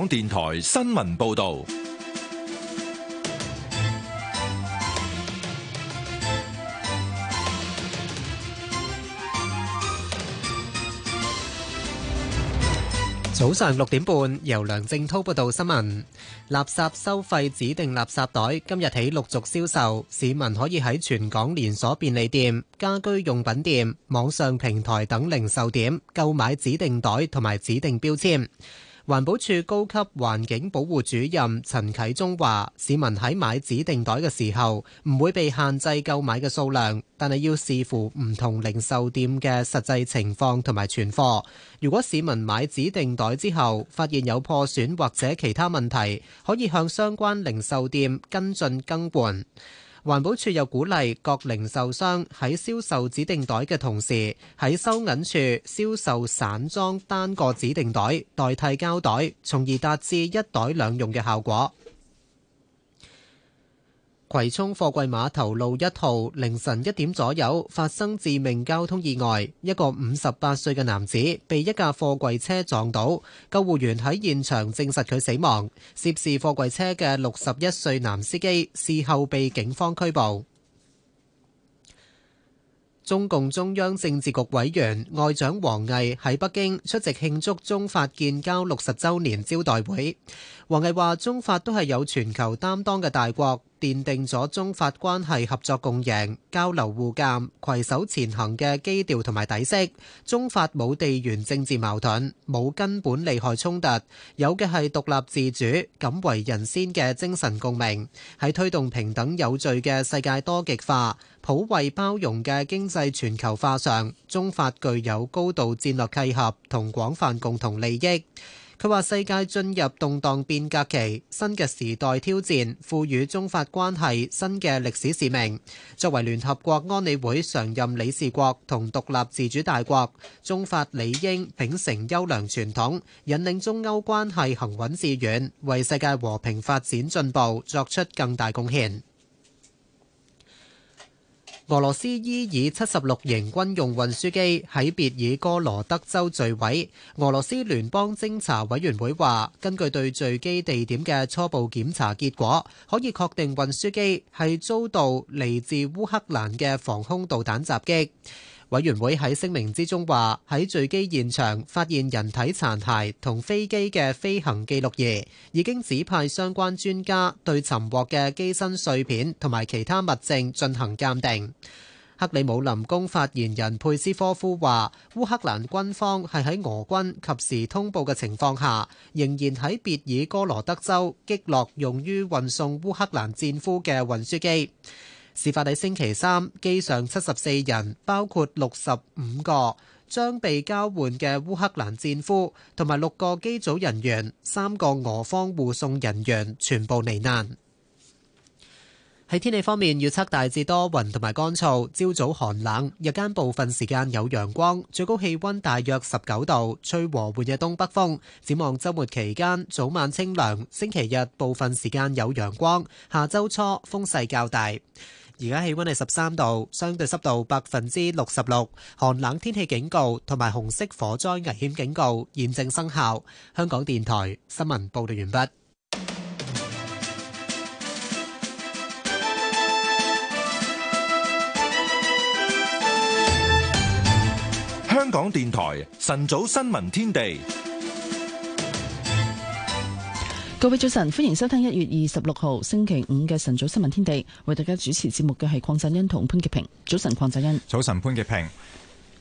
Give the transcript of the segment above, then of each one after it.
港電台新聞報道：早上六點半，由梁正濤報道新聞。垃圾收費指定垃圾袋今日起陸續銷售，市民可以喺全港連鎖便利店、家居用品店、網上平台等零售點購買指定袋同埋指定標籤。環保署高級環境保護主任陳啟忠話，市民喺買指定袋嘅時候，唔會被限制購買嘅數量，但係要視乎唔同零售店嘅實際情況同埋存貨。如果市民買指定袋之後，發現有破損或者其他問題，可以向相關零售店跟進更換。環保署又鼓勵各零售商喺銷售指定袋嘅同時，喺收銀處銷售散裝單個指定袋，代替膠袋，從而達至一袋兩用嘅效果。葵涌貨櫃碼頭路一號凌晨一點左右發生致命交通意外，一個五十八歲嘅男子被一架貨櫃車撞倒，救護員喺現場證實佢死亡。涉事貨櫃車嘅六十一歲男司機事後被警方拘捕。中共中央政治局委員外長王毅喺北京出席慶祝中法建交六十周年招待會。王毅話：中法都係有全球擔當嘅大國，奠定咗中法關係合作共贏、交流互鑒、攜手前行嘅基調同埋底色。中法冇地緣政治矛盾，冇根本利害衝突，有嘅係獨立自主、敢為人先嘅精神共鳴。喺推動平等有序嘅世界多極化、普惠包容嘅經濟全球化上，中法具有高度戰略契合同廣泛共同利益。佢話：世界進入動盪變革期，新嘅時代挑戰，賦予中法關係新嘅歷史使命。作為聯合國安理會常任理事國同獨立自主大國，中法理應秉承優良傳統，引領中歐關係行穩致遠，為世界和平發展進步作出更大貢獻。俄羅斯伊爾七十六型軍用運輸機喺別爾哥羅德州墜毀。俄羅斯聯邦偵查委員會話，根據對墜機地點嘅初步檢查結果，可以確定運輸機係遭到嚟自烏克蘭嘅防空導彈襲擊。委員會喺聲明之中話：喺墜機現場發現人體殘骸同飛機嘅飛行記錄儀，已經指派相關專家對尋獲嘅機身碎片同埋其他物證進行鑑定。克里姆林宮發言人佩斯科夫話：烏克蘭軍方係喺俄軍及時通報嘅情況下，仍然喺別爾哥羅德州擊落用於運送烏克蘭戰俘嘅運輸機。事發喺星期三，機上七十四人，包括六十五個將被交換嘅烏克蘭戰俘，同埋六個機組人員、三個俄方護送人員，全部罹難。喺天氣方面，預測大致多雲同埋乾燥，朝早寒冷，日間部分時間有陽光，最高氣温大約十九度，吹和緩嘅東北風。展望週末期間，早晚清涼，星期日部分時間有陽光，下週初風勢較大。而家氣温係十三度，相對濕度百分之六十六，寒冷天氣警告同埋紅色火災危險警告現正生效。香港電台新聞報導完畢。香港電台晨早新聞天地。各位早晨，歡迎收聽一月二十六號星期五嘅晨早新聞天地。為大家主持節目嘅係鄺振欣同潘潔平。早晨，鄺振欣。早晨，潘潔平。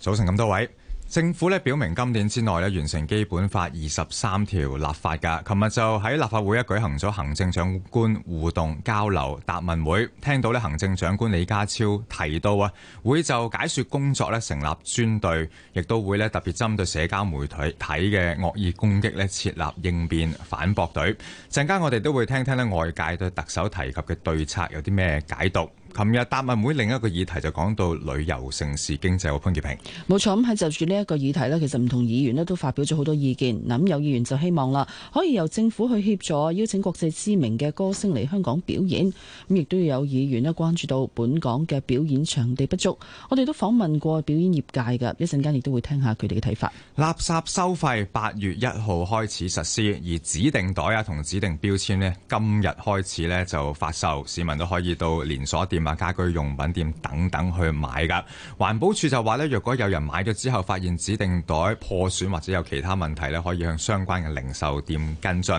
早晨，咁多位。政府表明今年之內完成基本法二十三條立法噶。琴日就喺立法會呢舉行咗行政長官互動交流答問會，聽到行政長官李家超提到啊，會就解說工作成立專隊，亦都會特別針對社交媒體睇嘅惡意攻擊設立應變反駁隊。陣間我哋都會聽聽外界對特首提及嘅對策有啲咩解讀。琴日答問會另一個議題就講到旅遊城市經濟，我潘潔平。冇錯，咁喺就住呢一個議題咧，其實唔同議員都發表咗好多意見。咁有議員就希望啦，可以由政府去協助邀請國際知名嘅歌星嚟香港表演。咁亦都有議員咧關注到本港嘅表演場地不足。我哋都訪問過表演業界嘅一陣間亦都會聽下佢哋嘅睇法。垃圾收費八月一號開始實施，而指定袋啊同指定標籤咧，今日開始咧就發售，市民都可以到連鎖店。賣家居用品店等等去買噶。環保署就話咧，若果有人買咗之後發現指定袋破損或者有其他問題咧，可以向相關嘅零售店跟進。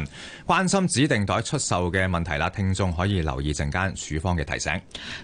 關心指定袋出售嘅問題啦，聽眾可以留意陣間署方嘅提醒。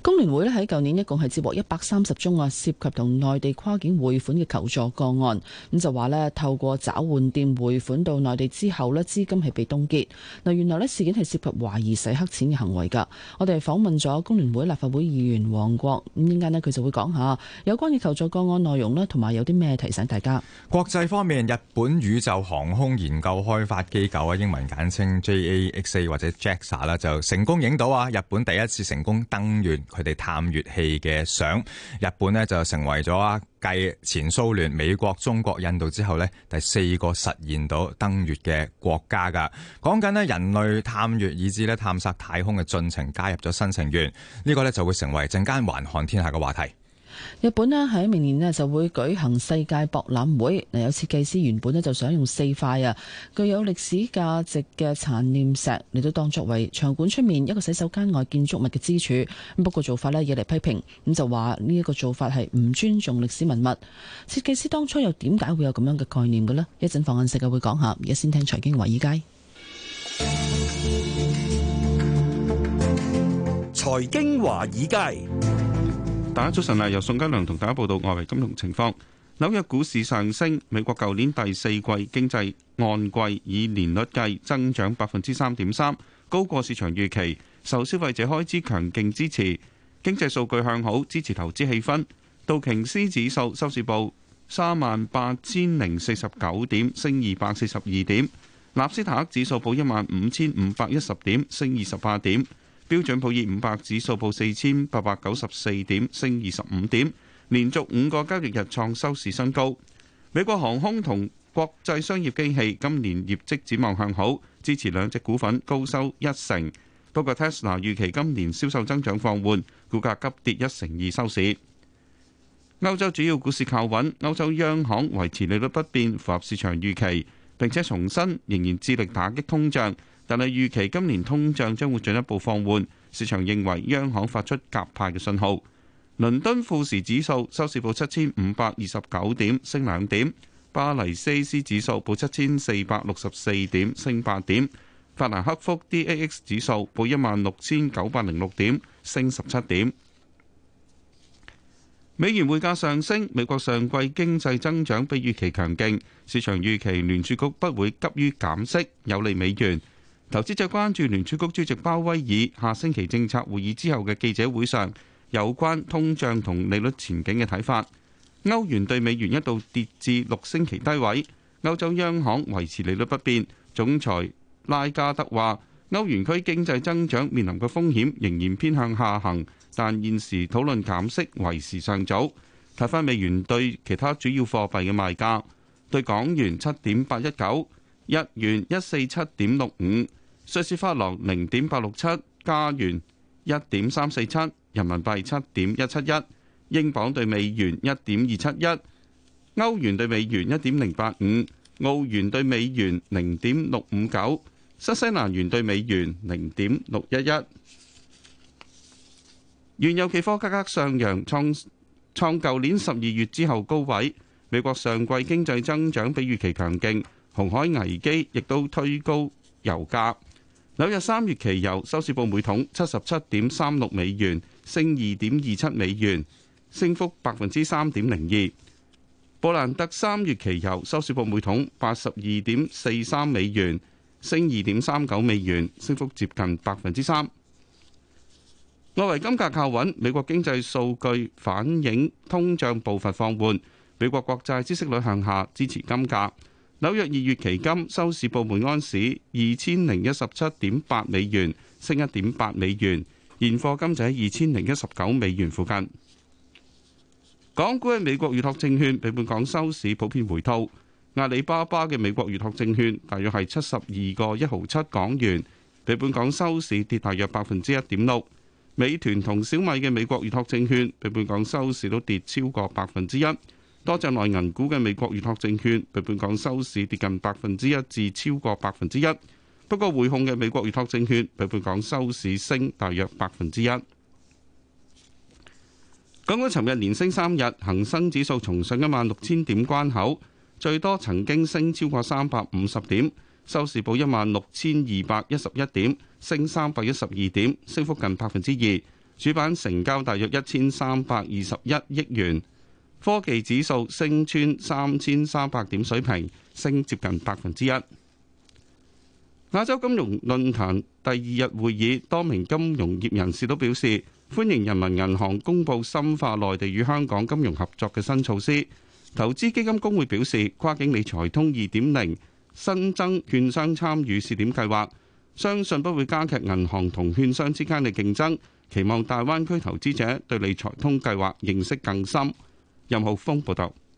工聯會咧喺舊年一共係接獲一百三十宗啊涉及同內地跨境匯款嘅求助個案。咁就話咧，透過找換店匯款到內地之後咧，資金係被凍結。嗱，原來咧事件係涉及懷疑洗黑錢嘅行為噶。我哋訪問咗工聯會立法會議員黃國，咁依家咧佢就會講下有關嘅求助個案內容啦，同埋有啲咩提醒大家。國際方面，日本宇宙航空研究開發機構啊，英文簡稱 JAXA 或者 JAXA 啦，就成功影到啊，日本第一次成功登月，佢哋探月器嘅相，日本呢，就成為咗啊。繼前蘇聯、美國、中國、印度之後咧，第四個實現到登月嘅國家噶。講緊咧人類探月以至咧探索太空嘅進程加入咗新成員，呢個咧就會成為陣間環看天下嘅話題。日本咧喺明年咧就會舉行世界博覽會。嗱，有設計師原本咧就想用四塊啊具有歷史價值嘅殘念石嚟到當作為場館出面一個洗手間外建築物嘅支柱。不過做法呢，惹嚟批評，咁就話呢一個做法係唔尊重歷史文物。設計師當初又點解會有咁樣嘅概念嘅呢？一陣放眼世界會講下。而家先聽財經華爾街，財經華爾街。大家早晨啊！由宋嘉良同大家報道外圍金融情況。紐約股市上升，美國舊年第四季經濟按季以年率計增長百分之三點三，高過市場預期，受消費者開支強勁支持，經濟數據向好，支持投資氣氛。道瓊斯指數收市報三萬八千零四十九點，升二百四十二點；納斯達克指數報一萬五千五百一十點，升二十八點。標準普爾五百指數報四千八百九十四點，升二十五點，連續五個交易日創收市新高。美國航空同國際商業機器今年業績展望向好，支持兩隻股份高收一成。不過，Tesla 預期今年銷售增長放緩，股價急跌一成二收市。歐洲主要股市靠穩，歐洲央行維持利率不變，符合市場預期，並且重申仍然致力打擊通脹。但係預期今年通脹將會進一步放緩，市場認為央行發出鴿派嘅信號。倫敦富時指數收市報七千五百二十九點，升兩點；巴黎 CAC 指數報七千四百六十四點，升八點；法蘭克福 DAX 指數報一萬六千九百零六點，升十七點。美元匯價上升，美國上季經濟增長比預期強勁，市場預期聯儲局不會急於減息，有利美元。投資者關注聯儲局主席鮑威爾下星期政策會議之後嘅記者會上有關通脹同利率前景嘅睇法。歐元對美元一度跌至六星期低位，歐洲央行維持利率不變。總裁拉加德話：歐元區經濟增長面臨嘅風險仍然偏向下行，但現時討論減息為時尚早。睇返美元對其他主要貨幣嘅賣價，對港元七點八一九。日元一四七點六五，瑞士法郎零點八六七，加元一點三四七，人民幣七點一七一，英鎊兌美元一點二七一，歐元兌美元一點零八五，澳元兌美元零點六五九，新西蘭元兌美元零點六一一。原油期貨價格上揚創創舊年十二月之後高位。美國上季經濟增長比預期強勁。紅海危機亦都推高油價。紐約三月期油收市報每桶七十七點三六美元，升二點二七美元，升幅百分之三點零二。布蘭特三月期油收市報每桶八十二點四三美元，升二點三九美元，升幅接近百分之三。外圍金價靠穩，美國經濟數據反映通脹步伐放緩，美國國債孳息率向下支持金價。紐約二月期金收市報每安市二千零一十七點八美元，升一點八美元。現貨金就喺二千零一十九美元附近。港股嘅美國預託證券，俾本港收市普遍回吐。阿里巴巴嘅美國預託證券大約係七十二個一毫七港元，俾本港收市跌大約百分之一點六。美團同小米嘅美國預託證券，俾本港收市都跌超過百分之一。多隻內銀股嘅美國預託證券，比本港收市跌近百分之一至超過百分之一。不過匯控嘅美國預託證券，比本港收市升大約百分之一。港股尋日連升三日，恒生指數重上一萬六千點關口，最多曾經升超過三百五十點，收市報一萬六千二百一十一點，升三百一十二點，升幅近百分之二。主板成交大約一千三百二十一億元。科技指數升穿三千三百點水平，升接近百分之一。亞洲金融論壇第二日會議，多名金融業人士都表示歡迎人民銀行公布深化內地與香港金融合作嘅新措施。投資基金公會表示，跨境理財通二點零新增券商參與試點計劃，相信不會加劇銀行同券商之間嘅競爭。期望大灣區投資者對理財通計劃認識更深。任浩峰報道。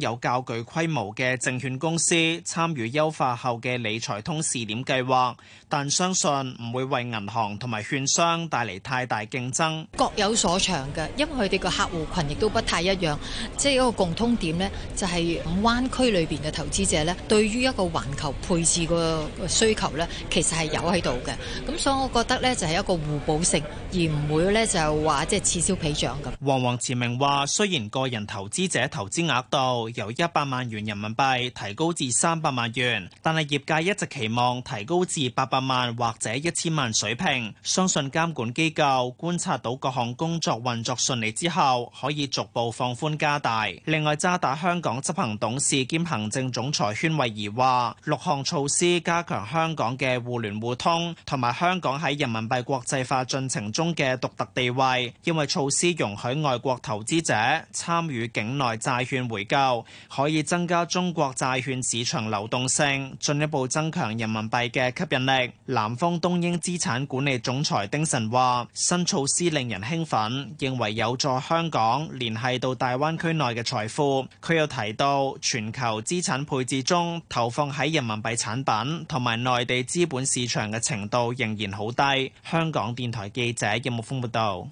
有較具規模嘅證券公司參與優化後嘅理財通試點計劃，但相信唔會為銀行同埋券商帶嚟太大競爭。各有所長嘅，因為佢哋個客戶群亦都不太一樣。即係一個共通點咧，就係灣區裏邊嘅投資者咧，對於一個環球配置個需求咧，其實係有喺度嘅。咁所以我覺得咧，就係一個互補性，而唔會咧就話即係此消彼長咁。黃黃慈明話，雖然個人投資者投資額度，由一百萬元人民幣提高至三百萬元，但係業界一直期望提高至八百萬或者一千萬水平。相信監管機構觀察到各項工作運作順利之後，可以逐步放寬加大。另外，渣打香港執行董事兼行政總裁禤惠儀話：六項措施加強香港嘅互聯互通，同埋香港喺人民幣國際化進程中嘅獨特地位，因為措施容許外國投資者參與境內債券回購。可以增加中國債券市場流動性，進一步增強人民幣嘅吸引力。南方東英資產管理總裁丁晨話：新措施令人興奮，認為有助香港聯繫到大灣區內嘅財富。佢又提到，全球資產配置中投放喺人民幣產品同埋內地資本市場嘅程度仍然好低。香港電台記者任木豐報道。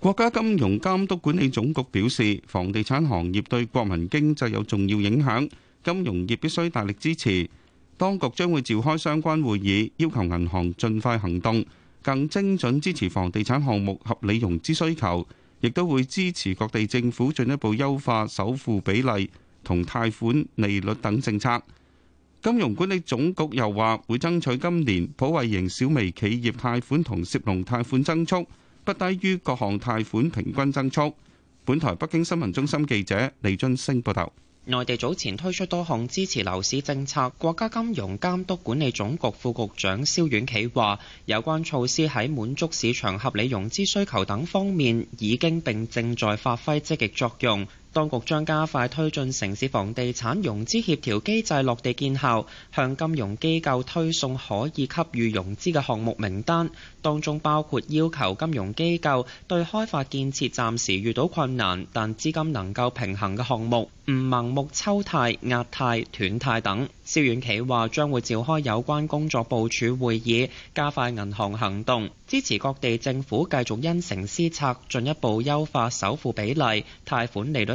國家金融監督管理總局表示，房地產行業對國民經濟有重要影響，金融業必須大力支持。當局將會召開相關會議，要求銀行盡快行動，更精準支持房地產項目合理融資需求，亦都會支持各地政府進一步優化首付比例同貸款利率等政策。金融管理總局又話，會爭取今年普惠型小微企業貸款同涉農貸款增速。不低於各項貸款平均增速。本台北京新聞中心記者李津星報道，內地早前推出多項支持樓市政策。國家金融監督管理總局副局長肖遠企話：有關措施喺滿足市場合理融資需求等方面，已經並正在發揮積極作用。當局將加快推進城市房地產融資協調機制落地見效，向金融機構推送可以給予融資嘅項目名單，當中包括要求金融機構對開發建設暫時遇到困難但資金能夠平衡嘅項目，唔盲目抽貸壓貸斷貸等。肖遠企話將會召開有關工作部署會議，加快銀行行動，支持各地政府繼續因城施策，進一步優化首付比例、貸款利率。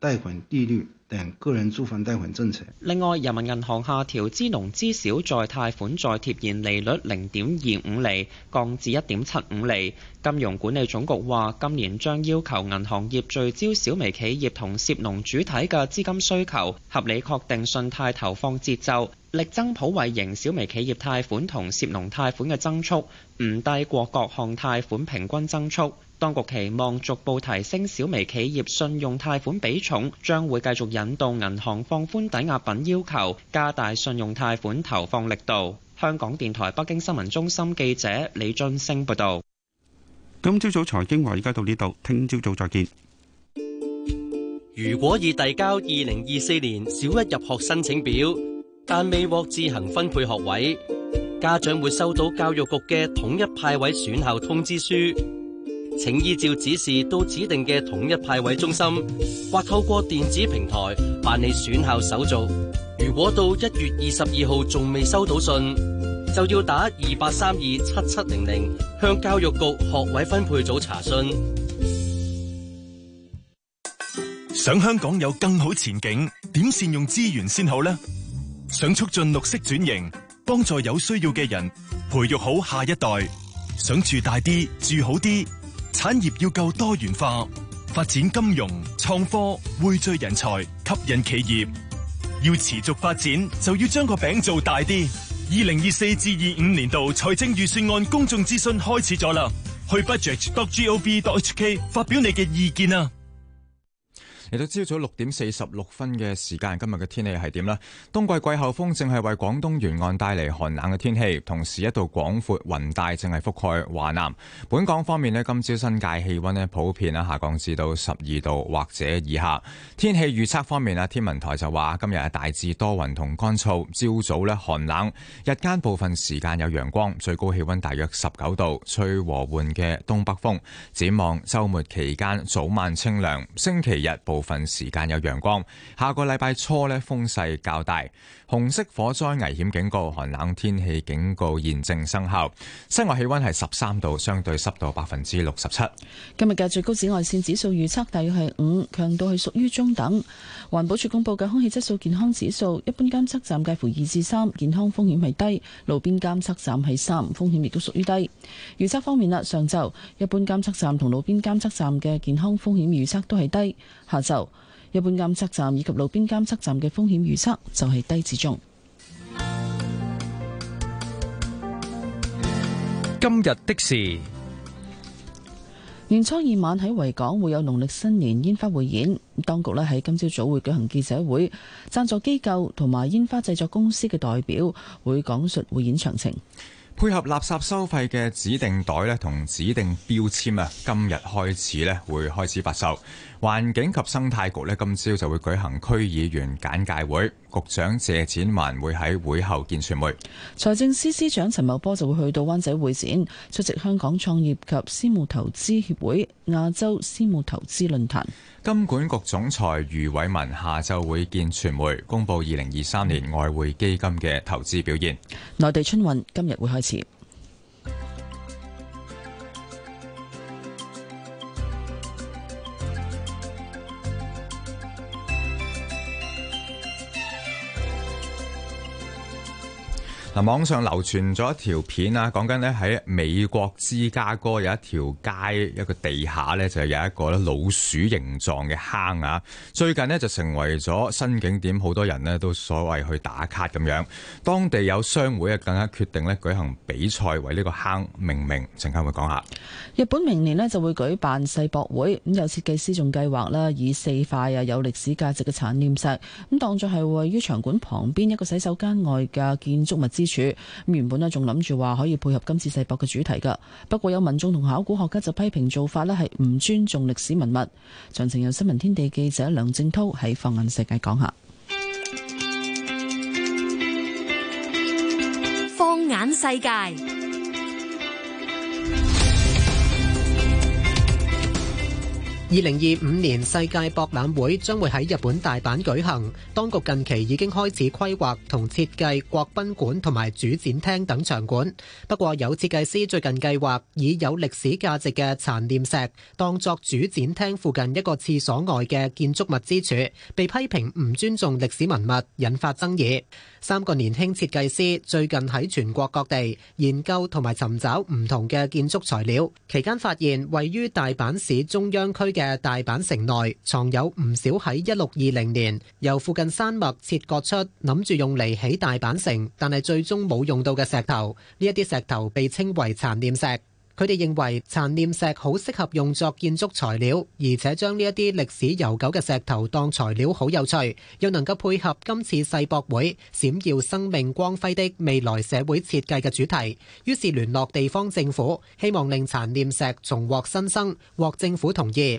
貸款利率等個人住房貸款政策。另外，人民銀行下調支農支小再貸款再貼現利率零點二五厘，降至一點七五厘，金融管理總局話今年將要求銀行業聚焦小微企業同涉農主體嘅資金需求，合理確定信貸投放節奏。力爭普惠型小微企業貸款同涉農貸款嘅增速，唔低過各項貸款平均增速。當局期望逐步提升小微企業信用貸款比重，將會繼續引導銀行放寬抵押品要求，加大信用貸款投放力度。香港電台北京新聞中心記者李俊升報道。今朝早財經話而家到呢度，聽朝早再見。如果已遞交二零二四年小一入學申請表。但未獲自行分配學位，家長會收到教育局嘅統一派位選校通知書，請依照指示到指定嘅統一派位中心或透過電子平台辦理選校手續。如果到一月二十二號仲未收到信，就要打二八三二七七零零向教育局學位分配組查詢。想香港有更好前景，點善用資源先好呢？想促進綠色轉型，幫助有需要嘅人，培育好下一代。想住大啲，住好啲，產業要夠多元化，發展金融、創科、匯聚人才，吸引企業。要持續發展，就要將個餅做大啲。二零二四至二五年度財政預算案公眾諮詢開始咗啦，去 budget.gov.hk 發表你嘅意見啊！嚟到朝早六點四十六分嘅時間，今日嘅天氣係點呢？冬季季候風正係為廣東沿岸帶嚟寒冷嘅天氣，同時一道廣闊雲帶正係覆蓋華南。本港方面呢，今朝新界氣溫呢普遍啦下降至到十二度或者以下。天氣預測方面啊，天文台就話今日係大致多雲同乾燥，朝早呢寒冷，日間部分時間有陽光，最高氣溫大約十九度，吹和緩嘅東北風。展望周末期間早晚清涼，星期日部分時間有陽光，下個禮拜初呢風勢較大。紅色火災危險警告，寒冷天氣警告現正生效。室外氣溫係十三度，相對濕度百分之六十七。今日嘅最高紫外線指數預測大約係五，強度係屬於中等。環保署公布嘅空氣質素健康指數，一般監測站介乎二至三，健康風險係低；路邊監測站係三，風險亦都屬於低。預測方面啦，上晝一般監測站同路邊監測站嘅健康風險預測都係低。下晝一般監測站以及路邊監測站嘅風險預測就係低至中。今日的事，年初二晚喺維港會有農曆新年煙花匯演，當局呢喺今朝早會舉行記者會，贊助機構同埋煙花製作公司嘅代表會講述匯演詳情。配合垃圾收費嘅指定袋呢同指定標籤啊，今日開始呢會開始發售。環境及生態局咧，今朝就會舉行區議員簡介會，局長謝展寰會喺會後見傳媒。財政司司長陳茂波就會去到灣仔會展出席香港創業及私募投資協會亞洲私募投資論壇。金管局總裁余偉文下晝會見傳媒，公布二零二三年外匯基金嘅投資表現。內地春運今日會開始。嗱，網上流傳咗一條片啊，講緊咧喺美國芝加哥有一條街，一個地下咧就有一個咧老鼠形狀嘅坑啊！最近咧就成為咗新景點，好多人咧都所謂去打卡咁樣。當地有商會啊，更加決定咧舉行比賽為呢個坑命名。陣間會講下，日本明年咧就會舉辦世博會，咁有設計師仲計劃啦，以四塊啊有歷史價值嘅產黏石咁當作係位於場館旁邊一個洗手間外嘅建築物。之處原本咧仲諗住話可以配合今次世博嘅主題㗎，不過有民眾同考古學家就批評做法咧係唔尊重歷史文物。詳情由新聞天地記者梁正濤喺放眼世界講下。放眼世界。二零二五年世界博覽會將會喺日本大阪舉行，當局近期已經開始規劃同設計國賓館同埋主展廳等場館。不過，有設計師最近計劃以有歷史價值嘅殘念石當作主展廳附近一個廁所外嘅建築物支柱，被批評唔尊重歷史文物，引發爭議。三個年輕設計師最近喺全國各地研究同埋尋找唔同嘅建築材料，期間發現位於大阪市中央區嘅。嘅大阪城內藏有唔少喺一六二零年由附近山脈切割出，諗住用嚟起大阪城，但係最終冇用到嘅石頭。呢一啲石頭被稱為殘念石。佢哋認為殘念石好適合用作建築材料，而且將呢一啲歷史悠久嘅石頭當材料好有趣，又能夠配合今次世博會閃耀生命光輝的未來社會設計嘅主題。於是聯絡地方政府，希望令殘念石重獲新生，獲政府同意。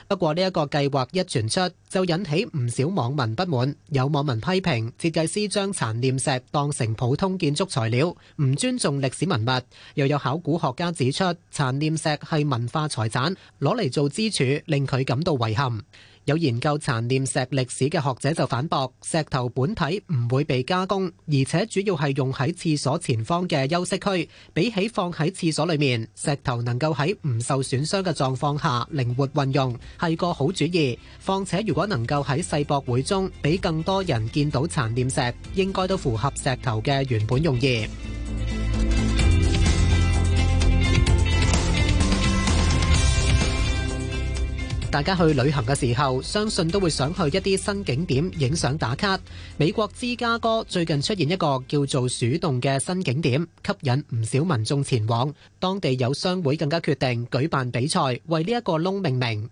不過呢一個計劃一傳出，就引起唔少網民不滿。有網民批評設計師將殘念石當成普通建築材料，唔尊重歷史文物。又有考古學家指出，殘念石係文化財產，攞嚟做支柱，令佢感到遺憾。有研究殘念石歷史嘅學者就反駁：石頭本體唔會被加工，而且主要係用喺廁所前方嘅休息區。比起放喺廁所裏面，石頭能夠喺唔受損傷嘅狀況下靈活運用，係個好主意。況且如果能夠喺世博會中俾更多人見到殘念石，應該都符合石頭嘅原本用意。大家去旅行嘅時候，相信都會想去一啲新景點影相打卡。美國芝加哥最近出現一個叫做鼠洞嘅新景點，吸引唔少民眾前往。當地有商會更加決定舉辦比賽，為呢一個窿命名。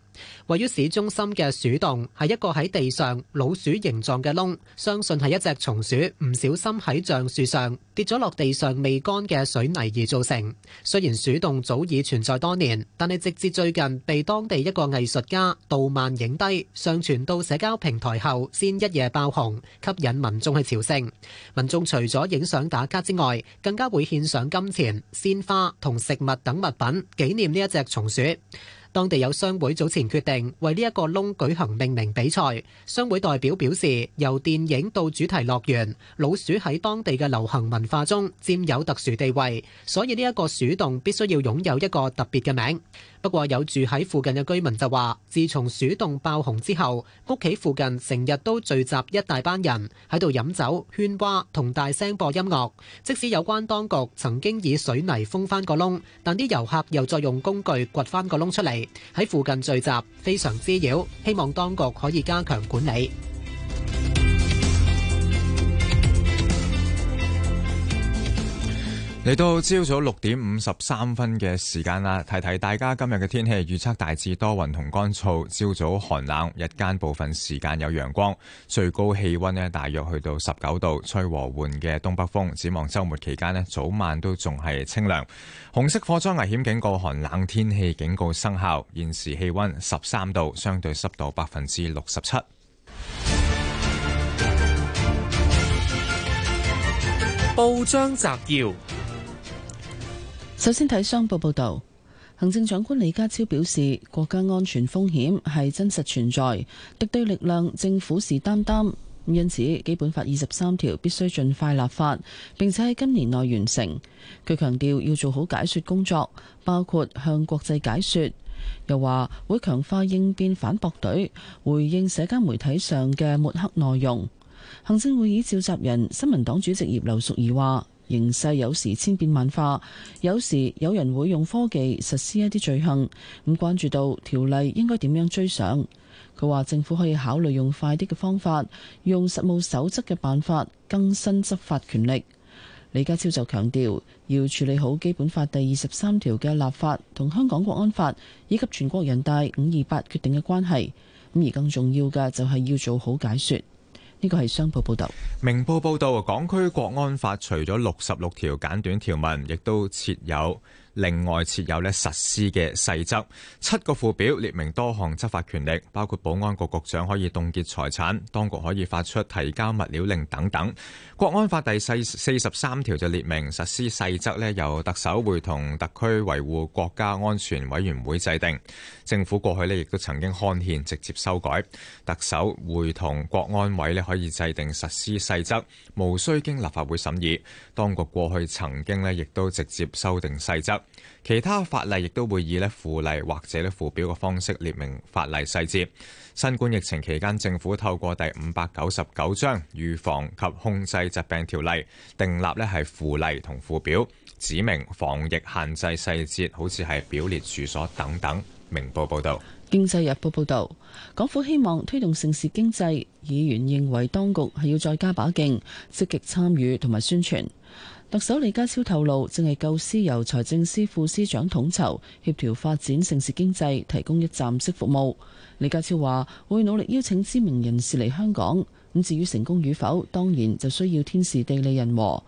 位於市中心嘅鼠洞係一個喺地上老鼠形狀嘅窿，相信係一隻松鼠唔小心喺橡樹上跌咗落地上未乾嘅水泥而造成。雖然鼠洞早已存在多年，但係直至最近被當地一個藝術家杜曼影低，上傳到社交平台後，先一夜爆紅，吸引民眾去朝聖。民眾除咗影相打卡之外，更加會獻上金錢、鮮花同食物等物品，紀念呢一隻松鼠。當地有商會早前決定為呢一個窿舉行命名比賽，商會代表表示，由電影到主題樂園，老鼠喺當地嘅流行文化中佔有特殊地位，所以呢一個鼠洞必須要擁有一個特別嘅名。不過有住喺附近嘅居民就話，自從鼠洞爆紅之後，屋企附近成日都聚集一大班人喺度飲酒、喧嘩同大聲播音樂。即使有關當局曾經以水泥封翻個窿，但啲遊客又再用工具掘翻個窿出嚟。喺附近聚集非常滋擾，希望當局可以加強管理。嚟到朝早六點五十三分嘅時間啦，提提大家今日嘅天氣預測大致多雲同乾燥，朝早寒冷，日間部分時間有陽光，最高氣溫呢，大約去到十九度，吹和緩嘅東北風。展望周末期間呢，早晚都仲係清涼。紅色火災危險警告，寒冷天氣警告生效，現時氣溫十三度，相對濕度百分之六十七。報章摘要。首先睇商報報導，行政長官李家超表示，國家安全風險係真實存在，敵對力量，政府是擔擔，因此《基本法》二十三條必須盡快立法，並且喺今年內完成。佢強調要做好解説工作，包括向國際解説。又話會強化應變反駁隊，回應社交媒體上嘅抹黑內容。行政會議召集人、新聞黨主席葉劉淑儀話。形勢有時千變萬化，有時有人會用科技實施一啲罪行，咁關注到條例應該點樣追上？佢話政府可以考慮用快啲嘅方法，用實務守則嘅辦法更新執法權力。李家超就強調要處理好《基本法》第二十三條嘅立法同香港國安法以及全國人大五二八決定嘅關係，咁而更重要嘅就係要做好解說。呢個係商報報道。明報報道，港區國安法除咗六十六條簡短條文，亦都設有。另外設有咧實施嘅細則，七個附表列明多項執法權力，包括保安局局長可以凍結財產，當局可以發出提交物料令等等。國安法第四四十三條就列明實施細則由特首會同特區維護國家安全委員會制定。政府過去咧亦都曾經刊憲直接修改，特首會同國安委可以制定實施細則，無需經立法會審議。當局過去曾經咧亦都直接修訂細則。其他法例亦都會以咧附例或者咧附表嘅方式列明法例細節。新冠疫情期間，政府透過第五百九十九章《預防及控制疾病條例》訂立咧係附例同附表，指明防疫限制細節，好似係表列住所等等。明報報道，《經濟日報》報道，港府希望推動城市經濟，議員認為當局係要再加把勁，積極參與同埋宣傳。特首李家超透露，正係構思由財政司副司長統籌協調發展盛事經濟，提供一站式服務。李家超話會努力邀請知名人士嚟香港，咁至於成功與否，當然就需要天時地利人和。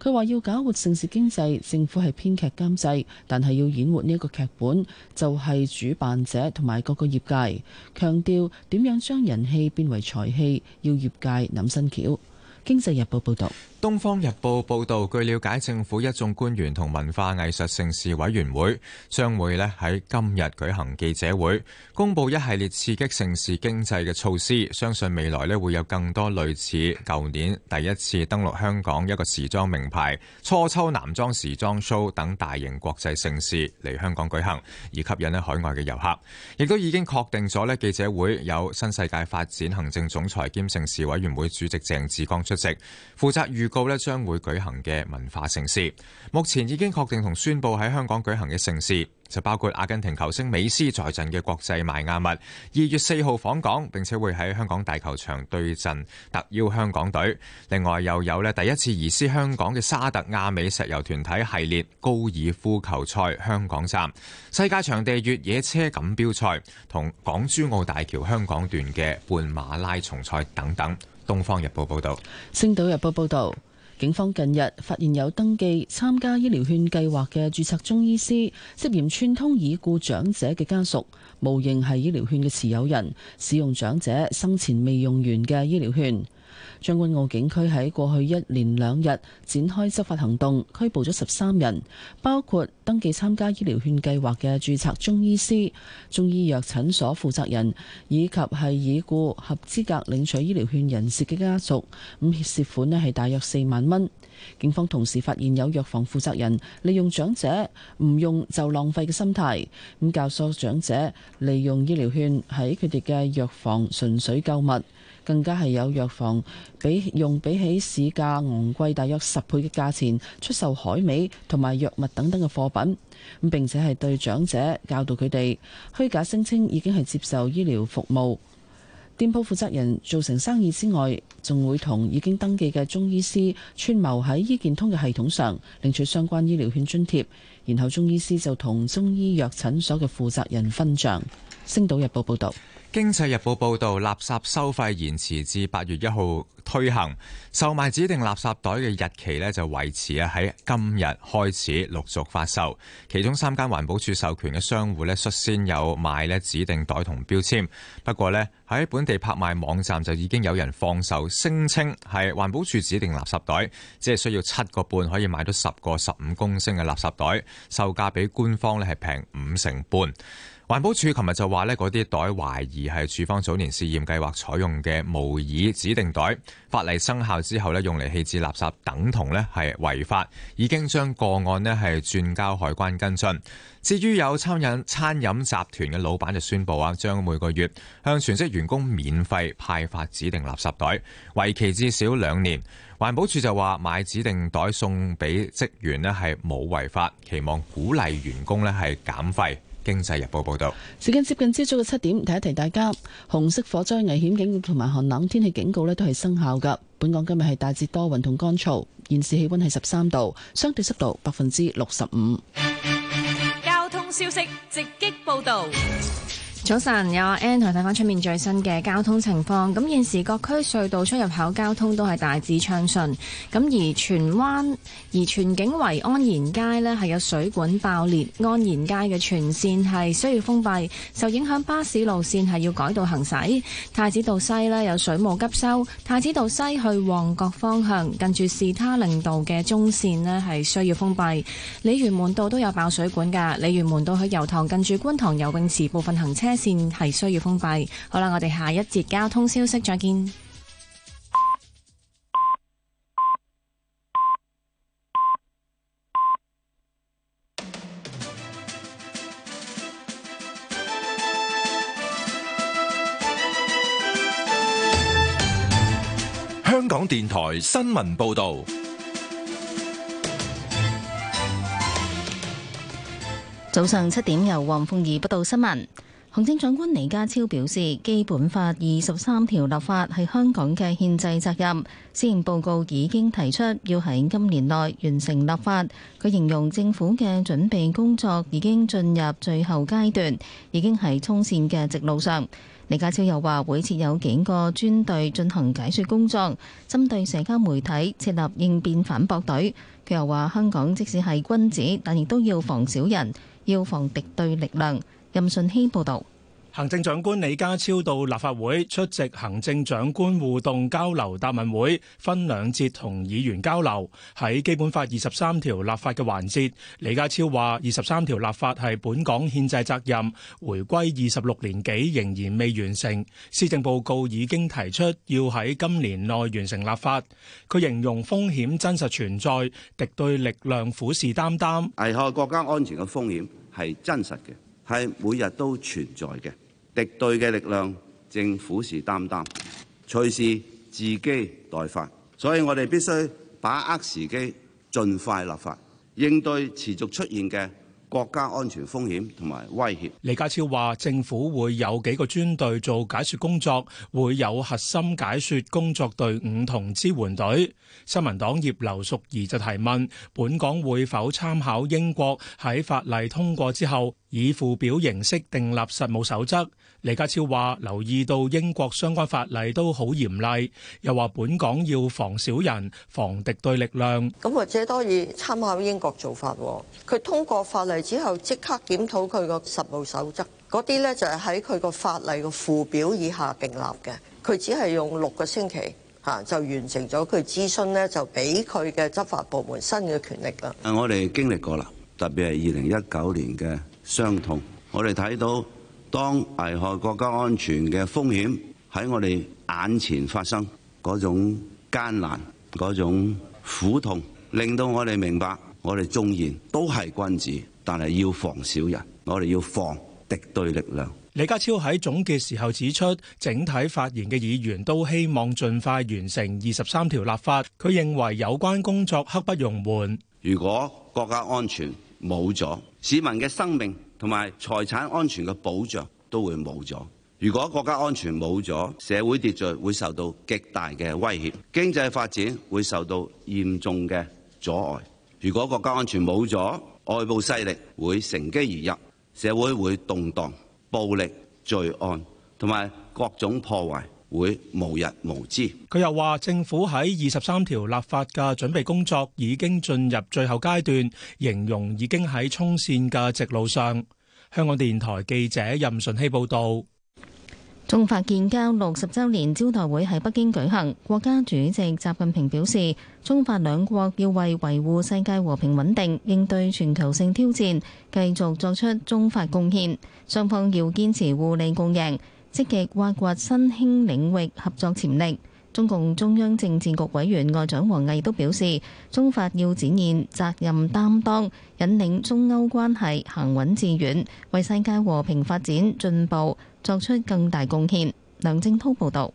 佢話要搞活盛事經濟，政府係編劇監製，但係要演活呢個劇本，就係、是、主辦者同埋各個業界。強調點樣將人氣變為財氣，要業界諗新橋。經濟日報報道。《東方日報》報道，據了解，政府一眾官員同文化藝術城市委員會將會咧喺今日舉行記者會，公布一系列刺激城市經濟嘅措施。相信未來咧會有更多類似舊年第一次登陸香港一個時裝名牌初秋男裝時裝 show 等大型國際盛事嚟香港舉行，以吸引海外嘅遊客。亦都已經確定咗咧，記者會有新世界發展行政總裁兼城市委員會主席鄭志剛出席，負責預高咧將會舉行嘅文化盛事，目前已經確定同宣佈喺香港舉行嘅盛事，就包括阿根廷球星美斯在陣嘅國際邁阿密，二月四號訪港，並且會喺香港大球場對陣特邀香港隊。另外又有呢第一次移師香港嘅沙特亞美石油團體系列高爾夫球賽香港站、世界場地越野車錦標賽同港珠澳大橋香港段嘅半馬拉松賽等等。《東方日報》報道，《星島日報》報道，警方近日發現有登記參加醫療券計劃嘅註冊中醫師，涉嫌串通已故長者嘅家屬，冒認係醫療券嘅持有人，使用長者生前未用完嘅醫療券。將軍澳警區喺過去一連兩日展開執法行動，拘捕咗十三人，包括登記參加醫療券計劃嘅註冊中醫師、中醫藥診所負責人，以及係已故合資格領取醫療券人士嘅家屬。咁涉款咧係大約四萬蚊。警方同時發現有藥房負責人利用長者唔用就浪費嘅心態，咁教唆長者利用醫療券喺佢哋嘅藥房純粹購物。更加係有藥房比用比起市價昂貴大約十倍嘅價錢出售海味同埋藥物等等嘅貨品，咁並且係對長者教導佢哋虛假聲稱已經係接受醫療服務。店鋪負責人做成生意之外，仲會同已經登記嘅中醫師串謀喺醫健通嘅系統上領取相關醫療券津貼，然後中醫師就同中醫藥診所嘅負責人分賬。星島日，日報報道，經濟日報報道，報道垃圾收費延遲至八月一號推行，售賣指定垃圾袋嘅日期呢，就維持啊喺今日開始陸續發售。其中三間環保署授權嘅商戶呢，率先有賣指定袋同標籤。不過呢，喺本地拍賣網站就已經有人放售聲稱係環保署指定垃圾袋，即係需要七個半可以買到十個十五公升嘅垃圾袋，售價比官方呢係平五成半。環保署琴日就話呢，嗰啲袋懷疑係處方早年試驗計劃採用嘅模擬指定袋。法例生效之後呢，用嚟棄置垃圾等同呢係違法，已經將個案呢係轉交海關跟進。至於有參與餐飲餐飲集團嘅老闆就宣布啊，將每個月向全職員工免費派發指定垃圾袋，為期至少兩年。環保署就話買指定袋送俾職員呢係冇違法，期望鼓勵員工呢係減費。經濟日報報道，時間接近朝早嘅七點，提一提大家，紅色火災危險警告同埋寒冷天氣警告呢都係生效噶。本港今日係大致多雲同乾燥，現時氣温係十三度，相對濕度百分之六十五。交通消息直擊報道。早晨，有 Anne 同睇翻出面最新嘅交通情況。咁現時各區隧道出入口交通都係大致暢順。咁而荃灣而荃景圍安賢街咧係有水管爆裂，安賢街嘅全線係需要封閉，受影響巴士路線係要改道行駛。太子道西咧有水務急修，太子道西去旺角方向近住士他令道嘅中線咧係需要封閉。鯉魚門道都有爆水管㗎，鯉魚門道去油塘近住觀塘游泳池部分行車。線係需要封閉。好啦，我哋下一節交通消息再見。香港電台新聞報道，早上七點由黃鳳儀報道新聞。行政長官李家超表示，《基本法》二十三條立法係香港嘅憲制責任。施政報告已經提出要喺今年內完成立法。佢形容政府嘅準備工作已經進入最後階段，已經係衝線嘅直路上。李家超又話，會設有幾個專隊進行解說工作，針對社交媒體設立應變反駁隊。佢又話，香港即使係君子，但亦都要防小人，要防敵對力量。任信希報道，行政長官李家超到立法會出席行政長官互動交流答問會，分兩節同議員交流。喺《基本法》二十三條立法嘅環節，李家超話：二十三條立法係本港憲制責任，回歸二十六年幾仍然未完成。施政報告已經提出要喺今年內完成立法。佢形容風險真實存在，敵對力量虎視眈眈，危害國家安全嘅風險係真實嘅。係每日都存在嘅，敵對嘅力量正虎視眈眈，隨時伺機待發，所以我哋必須把握時機，盡快立法，應對持續出現嘅國家安全風險同埋威脅。李家超話：政府會有幾個專隊做解説工作，會有核心解説工作隊伍同支援隊。新民黨葉劉淑儀就提問：本港會否參考英國喺法例通過之後，以附表形式訂立實務守則？李家超話：留意到英國相關法例都好嚴厲，又話本港要防小人、防敵對力量。咁或者都可以參考英國做法。佢通過法例之後，即刻檢討佢個實務守則。嗰啲呢就係喺佢個法例個附表以下訂立嘅。佢只係用六個星期吓就完成咗佢諮詢呢，就俾佢嘅執法部門新嘅權力啦。誒，我哋經歷過啦，特別係二零一九年嘅傷痛，我哋睇到。當危害國家安全嘅風險喺我哋眼前發生，嗰種艱難、嗰種苦痛，令到我哋明白，我哋縱然都係君子，但係要防小人，我哋要防敵對力量。李家超喺總結時候指出，整體發言嘅議員都希望盡快完成二十三條立法。佢認為有關工作刻不容緩。如果國家安全冇咗，市民嘅生命同埋財產安全嘅保障都會冇咗。如果國家安全冇咗，社會秩序會受到極大嘅威脅，經濟發展會受到嚴重嘅阻礙。如果國家安全冇咗，外部勢力會乘機而入，社會會動盪、暴力、罪案，同埋各種破壞。會無日無知。佢又話政府喺二十三條立法嘅準備工作已經進入最後階段，形容已經喺衝線嘅直路上。香港電台記者任順希報道。中法建交六十周年招待會喺北京舉行，國家主席習近平表示：中法兩國要為維護世界和平穩定、應對全球性挑戰，繼續作出中法貢獻，雙方要堅持互利共贏。積極挖掘新興領域合作潛力。中共中央政治局委員、外長王毅都表示，中法要展現責任擔當，引領中歐關係行穩致遠，為世界和平發展進步作出更大貢獻。梁正滔報導。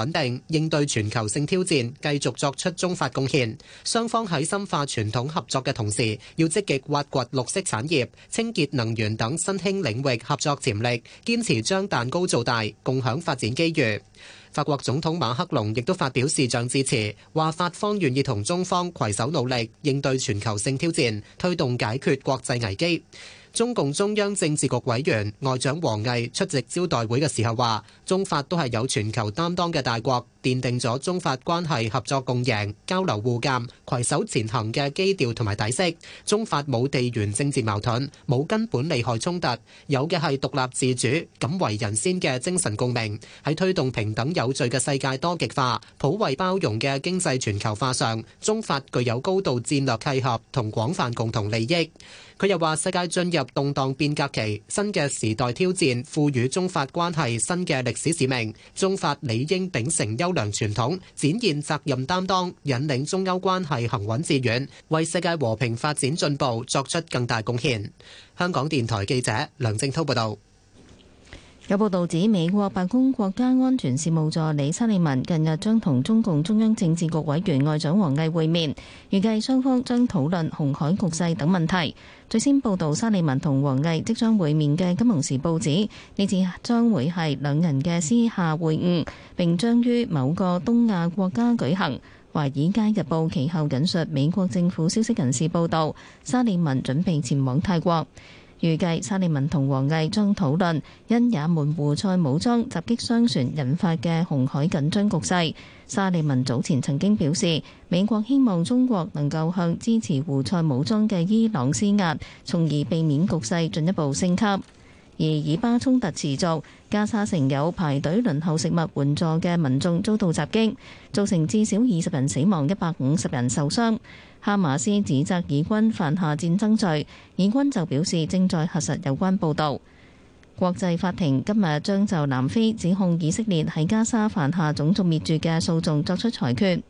穩定應對全球性挑戰，繼續作出中法貢獻。雙方喺深化傳統合作嘅同時，要積極挖掘綠色產業、清潔能源等新興領域合作潛力，堅持將蛋糕做大，共享發展機遇。法國總統馬克龍亦都發表視像致辭，話法方願意同中方携手努力，應對全球性挑戰，推動解決國際危機。中共中央政治局委員外長王毅出席招待會嘅時候話：中法都係有全球擔當嘅大國，奠定咗中法關係合作共贏、交流互鑒、携手前行嘅基調同埋底色。中法冇地緣政治矛盾，冇根本利害衝突，有嘅係獨立自主、敢為人先嘅精神共鳴。喺推動平等有序嘅世界多極化、普惠包容嘅經濟全球化上，中法具有高度戰略契合同廣泛共同利益。佢又話：世界進入動盪變革期，新嘅時代挑戰賦予中法關係新嘅歷史使命，中法理應秉承優良傳統，展現責任擔當，引領中歐關係行穩致遠，為世界和平發展進步作出更大貢獻。香港電台記者梁正滔報導。有報道指，美國白宮國家安全事務助理沙利文近日將同中共中央政治局委員外長王毅會面，預計雙方將討論紅海局勢等問題。最先報導沙利文同王毅即將會面嘅金融時報指，呢次將會係兩人嘅私下會晤，並將於某個東亞國家舉行。華爾街日報其後引述美國政府消息人士報導，沙利文準備前往泰國。預計沙利文同王毅將討論因也門胡塞武裝襲擊商船引發嘅紅海緊張局勢。沙利文早前曾經表示，美國希望中國能夠向支持胡塞武裝嘅伊朗施壓，從而避免局勢進一步升級。而以巴衝突持續，加沙城有排隊輪候食物援助嘅民眾遭到襲擊，造成至少二十人死亡、一百五十人受傷。哈馬斯指責以軍犯下戰爭罪，以軍就表示正在核實有關報導。國際法庭今日將就南非指控以色列喺加沙犯下種族滅絕嘅訴訟作出裁決。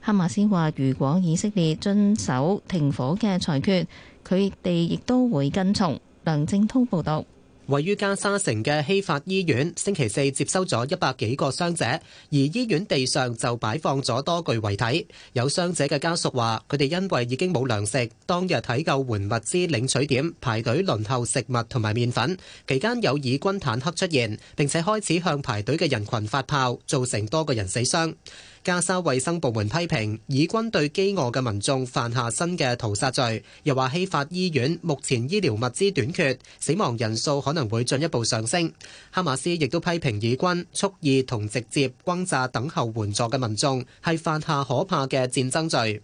哈馬斯話，如果以色列遵守停火嘅裁決，佢哋亦都會跟從。梁靜韜報導。位於加沙城嘅希法醫院星期四接收咗一百幾個傷者，而醫院地上就擺放咗多具遺體。有傷者嘅家屬話，佢哋因為已經冇糧食，當日喺救援物資領取點排隊輪候食物同埋麵粉，期間有以軍坦克出現，並且開始向排隊嘅人群發炮，造成多個人死傷。加沙衛生部門批評以軍對飢餓嘅民眾犯下新嘅屠殺罪，又話希法醫院目前醫療物資短缺，死亡人數可能會進一步上升。哈馬斯亦都批評以軍蓄意同直接轟炸等候援助嘅民眾，係犯下可怕嘅戰爭罪。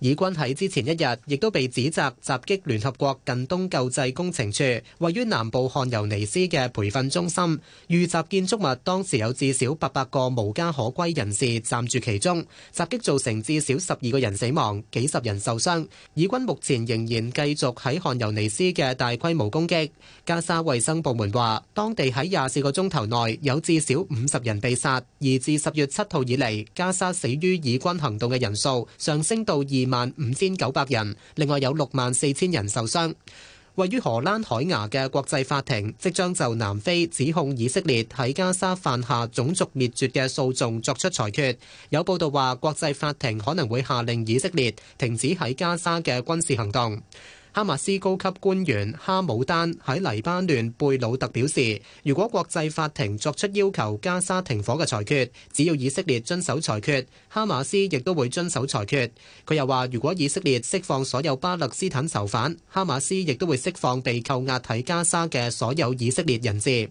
以軍喺之前一日亦都被指責襲擊聯合國近東救濟工程處位於南部漢尤尼斯嘅培訓中心預集建築物，當時有至少八百個無家可歸人士暫住其中。襲擊造成至少十二個人死亡，幾十人受傷。以軍目前仍然繼續喺漢尤尼斯嘅大規模攻擊。加沙衛生部門話，當地喺廿四個鐘頭內有至少五十人被殺。而自十月七號以嚟，加沙死於以軍行動嘅人數上升到二萬五千九百人，另外有六萬四千人受傷。位於荷蘭海牙嘅國際法庭即將就南非指控以色列喺加沙犯下種族滅絕嘅訴訟作出裁決。有報道話，國際法庭可能會下令以色列停止喺加沙嘅軍事行動。哈馬斯高級官員哈姆丹喺黎巴嫩貝魯特表示，如果國際法庭作出要求加沙停火嘅裁決，只要以色列遵守裁決，哈馬斯亦都會遵守裁決。佢又話，如果以色列釋放所有巴勒斯坦囚犯，哈馬斯亦都會釋放被扣押喺加沙嘅所有以色列人士。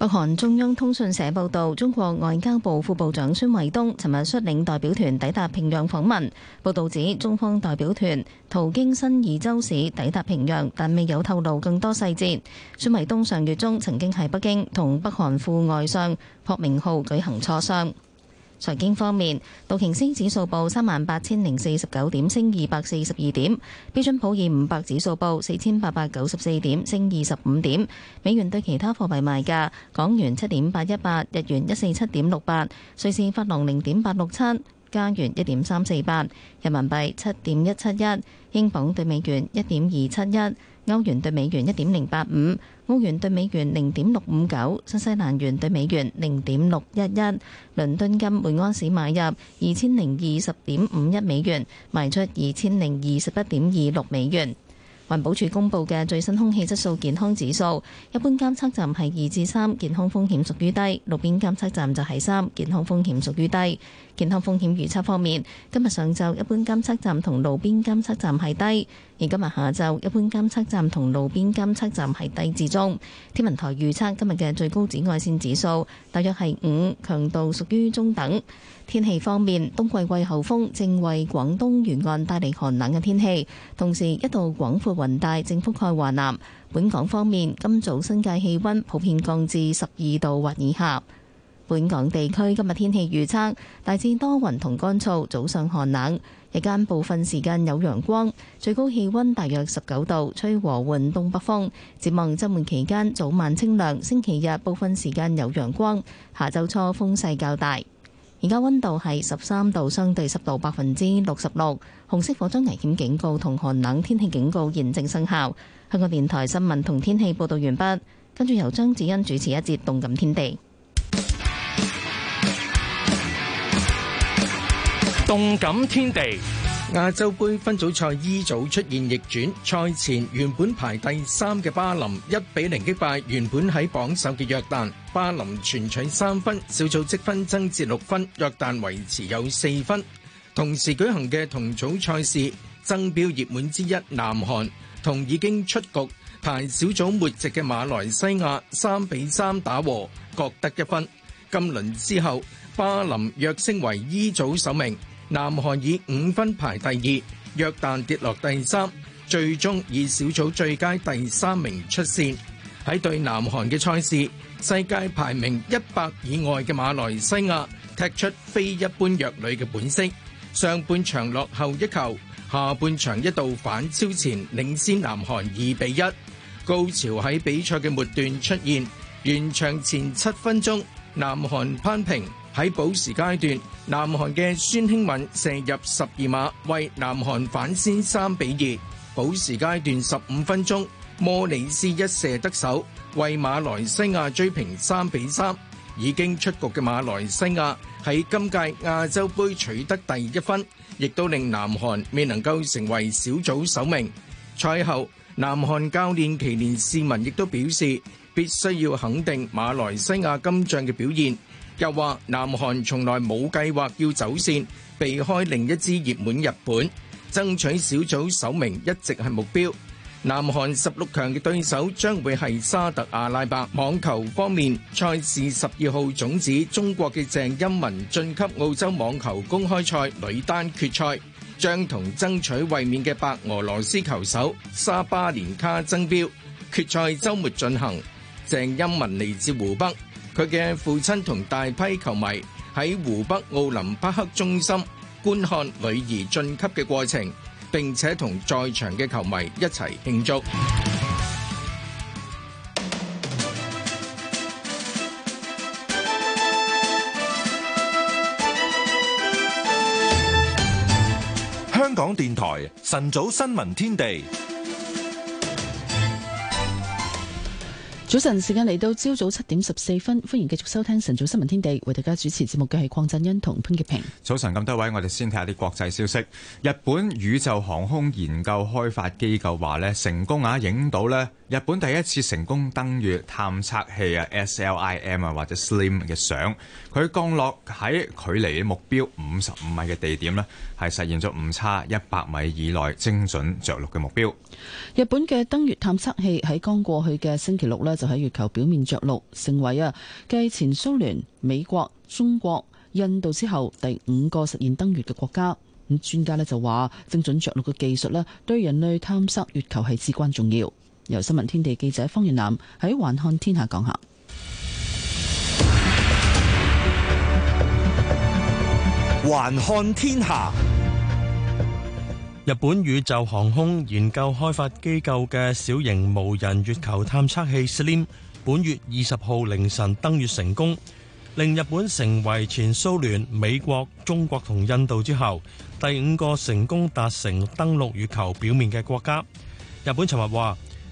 北韓中央通訊社報道，中國外交部副部長孫衛東尋日率領代表團抵達平壤訪問。報道指，中方代表團途經新義州市抵達平壤，但未有透露更多細節。孫衛東上月中曾經喺北京同北韓副外相朴明浩舉行磋商。財經方面，道瓊斯指數報三萬八千零四十九點，升二百四十二點；標準普爾五百指數報四千八百九十四點，升二十五點。美元對其他貨幣賣價：港元七點八一八，日元一四七點六八，瑞士法郎零點八六七，加元一點三四八，人民幣七點一七一，英鎊對美元一點二七一。歐元對美元一點零八五，歐元對美元零點六五九，新西蘭元對美元零點六一一。倫敦金每安士買入二千零二十點五一美元，賣出二千零二十一點二六美元。環保署公布嘅最新空氣質素健康指數，一般監測站係二至三，健康風險屬於低；路邊監測站就係三，健康風險屬於低。健康風險預測方面，今日上晝一般監測站同路邊監測站係低，而今日下晝一般監測站同路邊監測站係低至中。天文台預測今日嘅最高紫外線指數大約係五，強度屬於中等。天氣方面，冬季季候風正為廣東沿岸帶嚟寒冷嘅天氣，同時一道廣闊雲帶正覆蓋華南。本港方面，今早新界氣溫普遍降至十二度或以下。本港地區今日天氣預測，大致多雲同乾燥，早上寒冷，日間部分時間有陽光，最高氣溫大約十九度，吹和緩東北風。展望週末期間早晚清涼，星期日部分時間有陽光，下週初風勢較大。而家溫度係十三度，相對濕度百分之六十六，紅色火災危險警告同寒冷天氣警告現正生效。香港電台新聞同天氣報道完畢，跟住由張子欣主持一節《動感天地》。動感天地，亞洲盃分組賽 E 組出現逆轉，賽前原本排第三嘅巴林一比零擊敗原本喺榜首嘅約旦，巴林全取三分，小組積分增至六分，約旦維持有四分。同時舉行嘅同組賽事，爭標熱門之一南韓同已經出局排小組末席嘅馬來西亞三比三打和，各得一分。今輪之後，巴林躍升為 E 組首名。南韓以五分排第二，約旦跌落第三，最終以小組最佳第三名出線。喺對南韓嘅賽事，世界排名一百以外嘅馬來西亞踢出非一般弱旅嘅本色。上半場落後一球，下半場一度反超前，領先南韓二比一。高潮喺比賽嘅末段出現，完場前七分鐘，南韓攀平。喺補時階段，南韓嘅孫興慜射入十二碼，為南韓反先三比二。補時階段十五分鐘，莫里斯一射得手，為馬來西亞追平三比三。已經出局嘅馬來西亞喺今屆亞洲盃取得第一分，亦都令南韓未能夠成為小組首名。賽後，南韓教練奇連士文亦都表示，必須要肯定馬來西亞今仗嘅表現。又話，南韓從來冇計劃要走線，避開另一支熱門日本，爭取小組首名一直係目標。南韓十六強嘅對手將會係沙特阿拉伯。網球方面，賽事十二號種子中國嘅鄭欽文晉級澳洲網球公開賽女單決賽，將同爭取衛冕嘅白俄羅斯球手沙巴連卡爭標。決賽週末進行。鄭欽文嚟自湖北。佢嘅父親同大批球迷喺湖北奧林匹克中心觀看女兒晉級嘅過程，並且同在場嘅球迷一齊慶祝。香港電台晨早新聞天地。早晨，時間嚟到朝早七點十四分，歡迎繼續收聽晨早新聞天地，為大家主持節目嘅係鄺振欣同潘潔平。早晨，咁多位，我哋先睇下啲國際消息。日本宇宙航空研究開發機構話呢，成功啊影到呢。日本第一次成功登月探測器啊，S L I M 啊或者 Slim 嘅相，佢降落喺距離目標五十五米嘅地點咧，係實現咗誤差一百米以內精準着陸嘅目標。日本嘅登月探測器喺剛過去嘅星期六咧，就喺月球表面着陸，成為啊繼前蘇聯、美國、中國、印度之後第五個實現登月嘅國家。咁專家咧就話，精準着陸嘅技術咧，對人類探測月球係至關重要。由新聞天地記者方月南喺《環看天下》講下。《環看天下》日本宇宙航空研究開發機構嘅小型無人月球探測器 Slim 本月二十號凌晨登月成功，令日本成為前蘇聯、美國、中國同印度之後第五個成功達成登陸月球表面嘅國家。日本尋日話。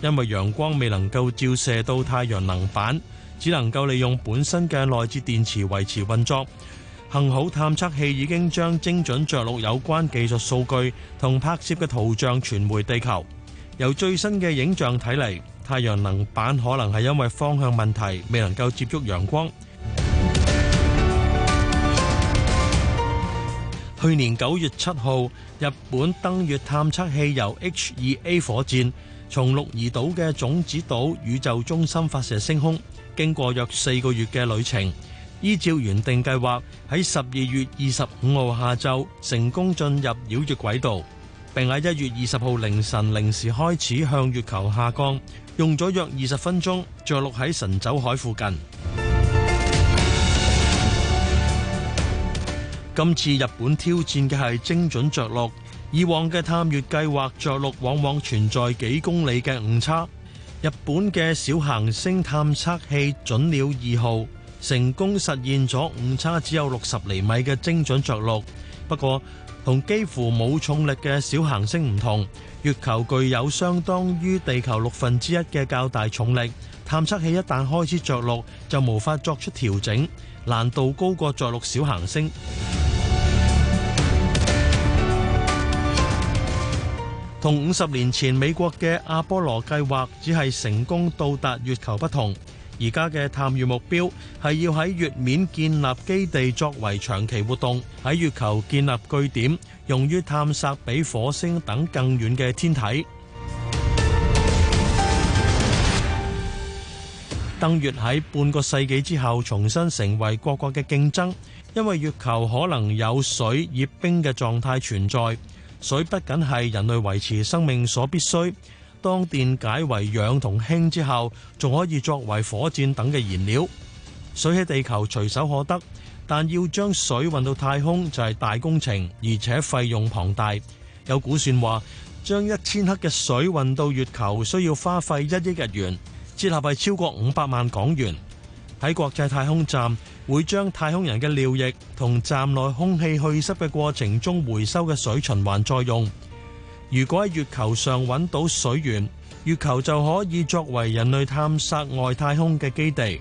因為陽光未能夠照射到太陽能板，只能夠利用本身嘅內置電池維持運作。幸好探測器已經將精準着陸有關技術數據同拍攝嘅圖像傳回地球。由最新嘅影像睇嚟，太陽能板可能係因為方向問題未能夠接觸陽光。去年九月七號，日本登月探測器由 H2A 火箭，從鹿兒島嘅種子島宇宙中心發射升空，經過約四個月嘅旅程，依照原定計劃喺十二月二十五號下晝成功進入繞月軌道，並喺一月二十號凌晨零時開始向月球下降，用咗約二十分鐘着陸喺神酒海附近。今次日本挑戰嘅係精準着陸。以往嘅探月計劃着陸往往存在幾公里嘅誤差，日本嘅小行星探測器隼鳥二號成功實現咗誤差只有六十厘米嘅精準着陸。不過，同幾乎冇重力嘅小行星唔同，月球具有相當於地球六分之一嘅較大重力。探測器一旦開始着陸，就無法作出調整，難度高過着陸小行星。同五十年前美國嘅阿波羅計劃只係成功到達月球不同，而家嘅探月目標係要喺月面建立基地作為長期活動，喺月球建立據點，用於探索比火星等更遠嘅天體。登月喺半個世紀之後重新成為各國嘅競爭，因為月球可能有水以冰嘅狀態存在。水不僅係人類維持生命所必需，當電解為氧同氫之後，仲可以作為火箭等嘅燃料。水喺地球隨手可得，但要將水運到太空就係大工程，而且費用龐大。有估算話，將一千克嘅水運到月球需要花費一億日元，折合係超過五百萬港元。喺國際太空站會將太空人嘅尿液同站內空氣去濕嘅過程中回收嘅水循環再用。如果喺月球上揾到水源，月球就可以作為人類探索外太空嘅基地。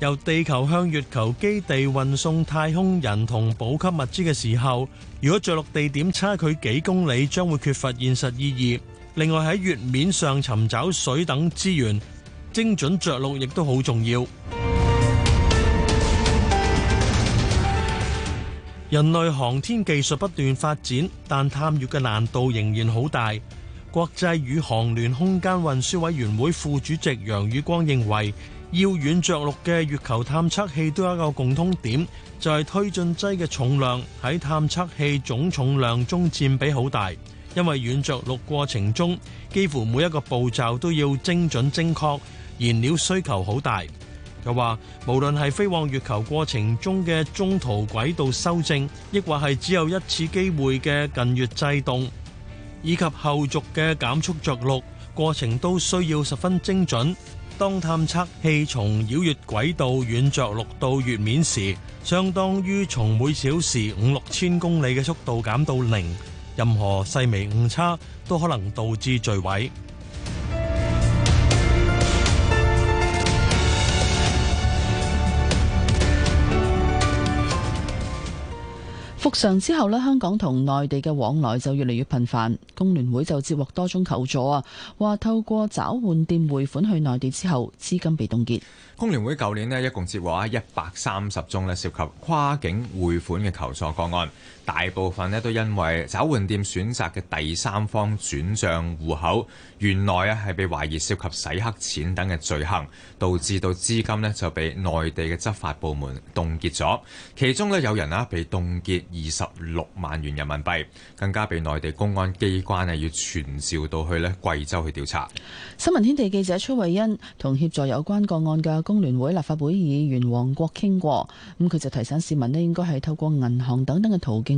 由地球向月球基地運送太空人同補給物資嘅時候，如果着陸地點差距幾公里，將會缺乏現實意義。另外，喺月面上尋找水等資源，精準着陸亦都好重要。人類航天技術不斷發展，但探月嘅難度仍然好大。國際宇航聯空間運輸委員會副主席楊宇光認為，要軟着陸嘅月球探測器都有一個共通點，就係、是、推進劑嘅重量喺探測器總重量中佔比好大。因為軟着陸過程中，幾乎每一個步驟都要精準精確，燃料需求好大。又話，無論係飛往月球過程中嘅中途軌道修正，亦或係只有一次機會嘅近月制動，以及後續嘅減速着陸過程，都需要十分精準。當探測器從繞月軌道遠着陸到月面時，相當於從每小時五六千公里嘅速度減到零，任何細微誤差都可能導致墜毀。復常之後咧，香港同內地嘅往來就越嚟越頻繁。工聯會就接獲多宗求助啊，話透過找換店匯款去內地之後，資金被凍結。工聯會舊年咧一共接獲一百三十宗咧涉及跨境匯款嘅求助個案。大部分呢都因為找換店選擇嘅第三方轉賬戶口，原來呢係被懷疑涉及洗黑錢等嘅罪行，導致到資金呢就被內地嘅執法部門凍結咗。其中呢有人啊被凍結二十六萬元人民幣，更加被內地公安機關啊要傳召到去呢貴州去調查。新聞天地記者崔慧欣同協助有關個案嘅工聯會立法會議員黃國傾過，咁佢就提醒市民呢應該係透過銀行等等嘅途徑。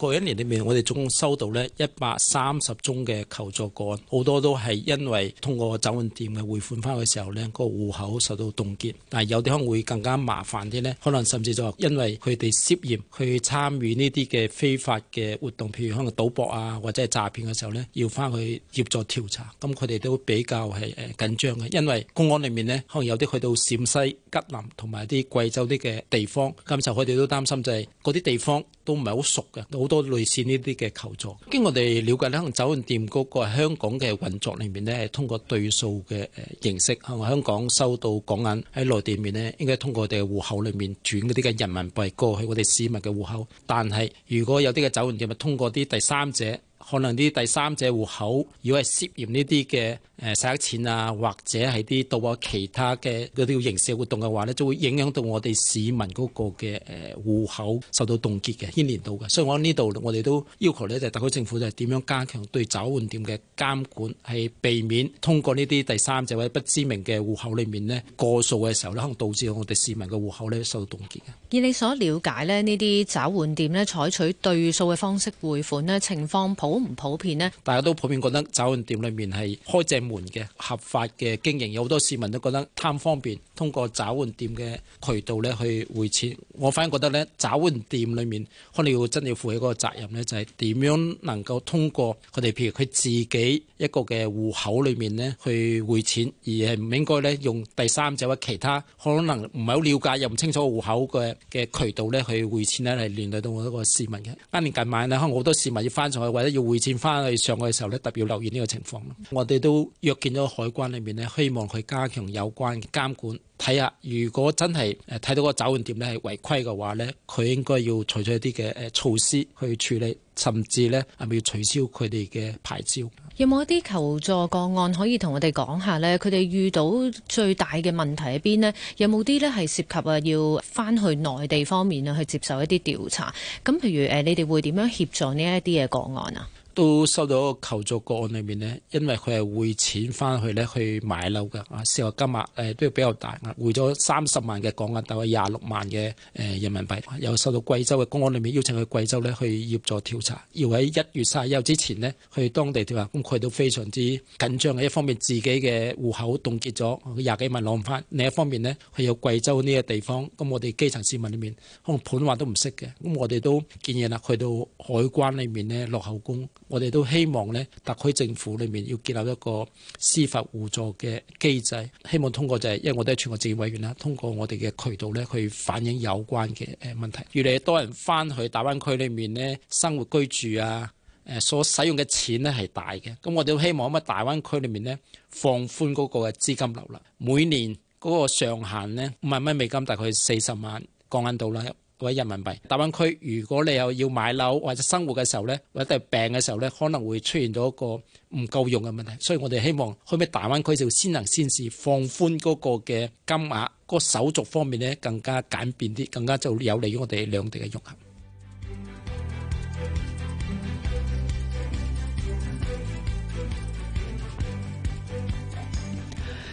過一年裏面，我哋總共收到呢一百三十宗嘅求助個案，好多都係因為通過走運店嘅匯款翻去嘅時候呢個戶口受到凍結。但係有啲可能會更加麻煩啲呢，可能甚至就因為佢哋涉嫌去參與呢啲嘅非法嘅活動，譬如可能賭博啊或者係詐騙嘅時候呢，要翻去協助調查。咁佢哋都比較係誒緊張嘅，因為公安裏面呢，可能有啲去到陝西、吉林同埋啲貴州啲嘅地方，咁就佢哋都擔心就係嗰啲地方都唔係好熟嘅，好。多類似呢啲嘅求助，經我哋了解可能，酒店嗰個香港嘅運作裏面呢，係通過對數嘅誒形式，香港收到港銀喺內地裡面呢，應該通過我哋嘅戶口裏面轉嗰啲嘅人民幣過去我哋市民嘅戶口。但係如果有啲嘅酒店咪通過啲第三者，可能啲第三者戶口如果係涉嫌呢啲嘅。誒洗黑錢啊，或者係啲到啊其他嘅嗰啲刑事活動嘅話呢，就會影響到我哋市民嗰個嘅誒戶口受到凍結嘅牽連到嘅。所以我呢度我哋都要求呢，就係特區政府就係點樣加強對找換店嘅監管，係避免通過呢啲第三者或者不知名嘅戶口裏面呢，過數嘅時候呢，可能導致我哋市民嘅戶口呢受到凍結嘅。而你所了解呢，呢啲找換店呢採取對數嘅方式匯款呢，情況普唔普遍呢？大家都普遍覺得找換店裏面係開正。門嘅合法嘅經營，有好多市民都覺得貪方便，通過找換店嘅渠道咧去匯錢。我反而覺得咧，找換店裏面可能要真要負起嗰個責任咧，就係點樣能夠通過佢哋，譬如佢自己一個嘅戶口裏面咧去匯錢，而係唔應該咧用第三者或者其他可能唔係好了解又唔清楚戶口嘅嘅渠道咧去匯錢咧，係連累到我一個市民嘅。當年近晚咧，可能好多市民要翻上去，或者要匯錢翻去上去嘅時候咧，特別要留意呢個情況。我哋都約見咗海關裏面咧，希望佢加強有關嘅監管，睇下如果真係誒睇到個酒店咧係違規嘅話呢，佢應該要採取一啲嘅誒措施去處理，甚至呢係咪要取消佢哋嘅牌照？有冇一啲求助個案可以同我哋講下呢？佢哋遇到最大嘅問題喺邊呢？有冇啲呢係涉及啊要返去內地方面啊去接受一啲調查？咁譬如誒，你哋會點樣協助呢一啲嘅個案啊？都收到求助個案裏面呢，因為佢係匯錢翻去呢，去買樓㗎，啊，涉及金額誒都比較大，匯咗三十萬嘅港銀，大概廿六萬嘅誒人民幣，又收到貴州嘅公安裏面邀請去貴州呢去協助調查，要喺一月卅一號之前呢，去當地調查，咁佢都非常之緊張嘅，一方面自己嘅戶口凍結咗，廿幾萬攞唔翻，另一方面呢，佢有貴州呢個地方，咁我哋基層市民裏面可能普通話都唔識嘅，咁我哋都建議啦，去到海關裏面呢落口供。我哋都希望咧，特區政府裏面要建立一個司法互助嘅機制，希望通過就係、是，因為我哋係全國政協委員啦，通過我哋嘅渠道咧去反映有關嘅誒問題。越嚟越多人翻去大灣區裏面咧生活居住啊，誒所使用嘅錢咧係大嘅，咁我哋都希望喺乜大灣區裏面咧放寬嗰個嘅資金流啦。每年嗰個上限咧五萬蚊美金，大概四十萬港銀度啦。嗰人民幣，大灣區如果你又要買樓或者生活嘅時候呢，或者係病嘅時候呢，可能會出現到一個唔夠用嘅問題。所以我哋希望去咩大灣區就先行先試，放寬嗰個嘅金額、嗰個手續方面呢，更加簡便啲，更加就有利於我哋兩地嘅融合。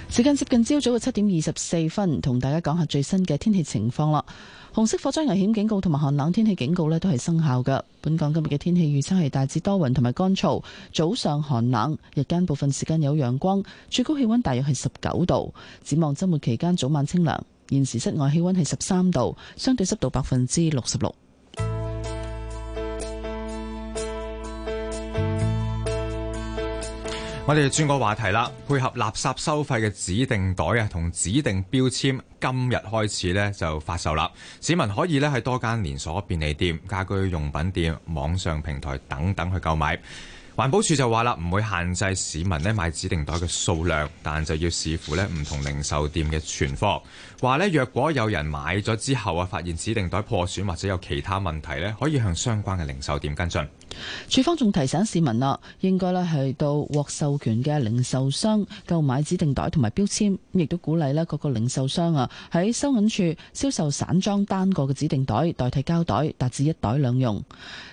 時間接近朝早嘅七點二十四分，同大家講下最新嘅天氣情況啦。紅色火災危險警告同埋寒冷天氣警告呢都係生效噶。本港今日嘅天氣預測係大致多雲同埋乾燥，早上寒冷，日間部分時間有陽光，最高氣溫大約係十九度。展望周末期間早晚清涼。現時室外氣溫係十三度，相對濕度百分之六十六。我哋轉個話題啦，配合垃圾收費嘅指定袋啊，同指定標籤，今日開始呢就發售啦。市民可以呢喺多間連鎖便利店、家居用品店、網上平台等等去購買。環保署就話啦，唔會限制市民呢買指定袋嘅數量，但就要視乎呢唔同零售店嘅存貨。話呢，若果有人買咗之後啊，發現指定袋破損或者有其他問題呢，可以向相關嘅零售店跟進。處方仲提醒市民啦，應該咧係到獲授權嘅零售商購買指定袋同埋標籤，亦都鼓勵咧各個零售商啊喺收銀處銷售散裝單個嘅指定袋代替膠袋，達至一袋兩用。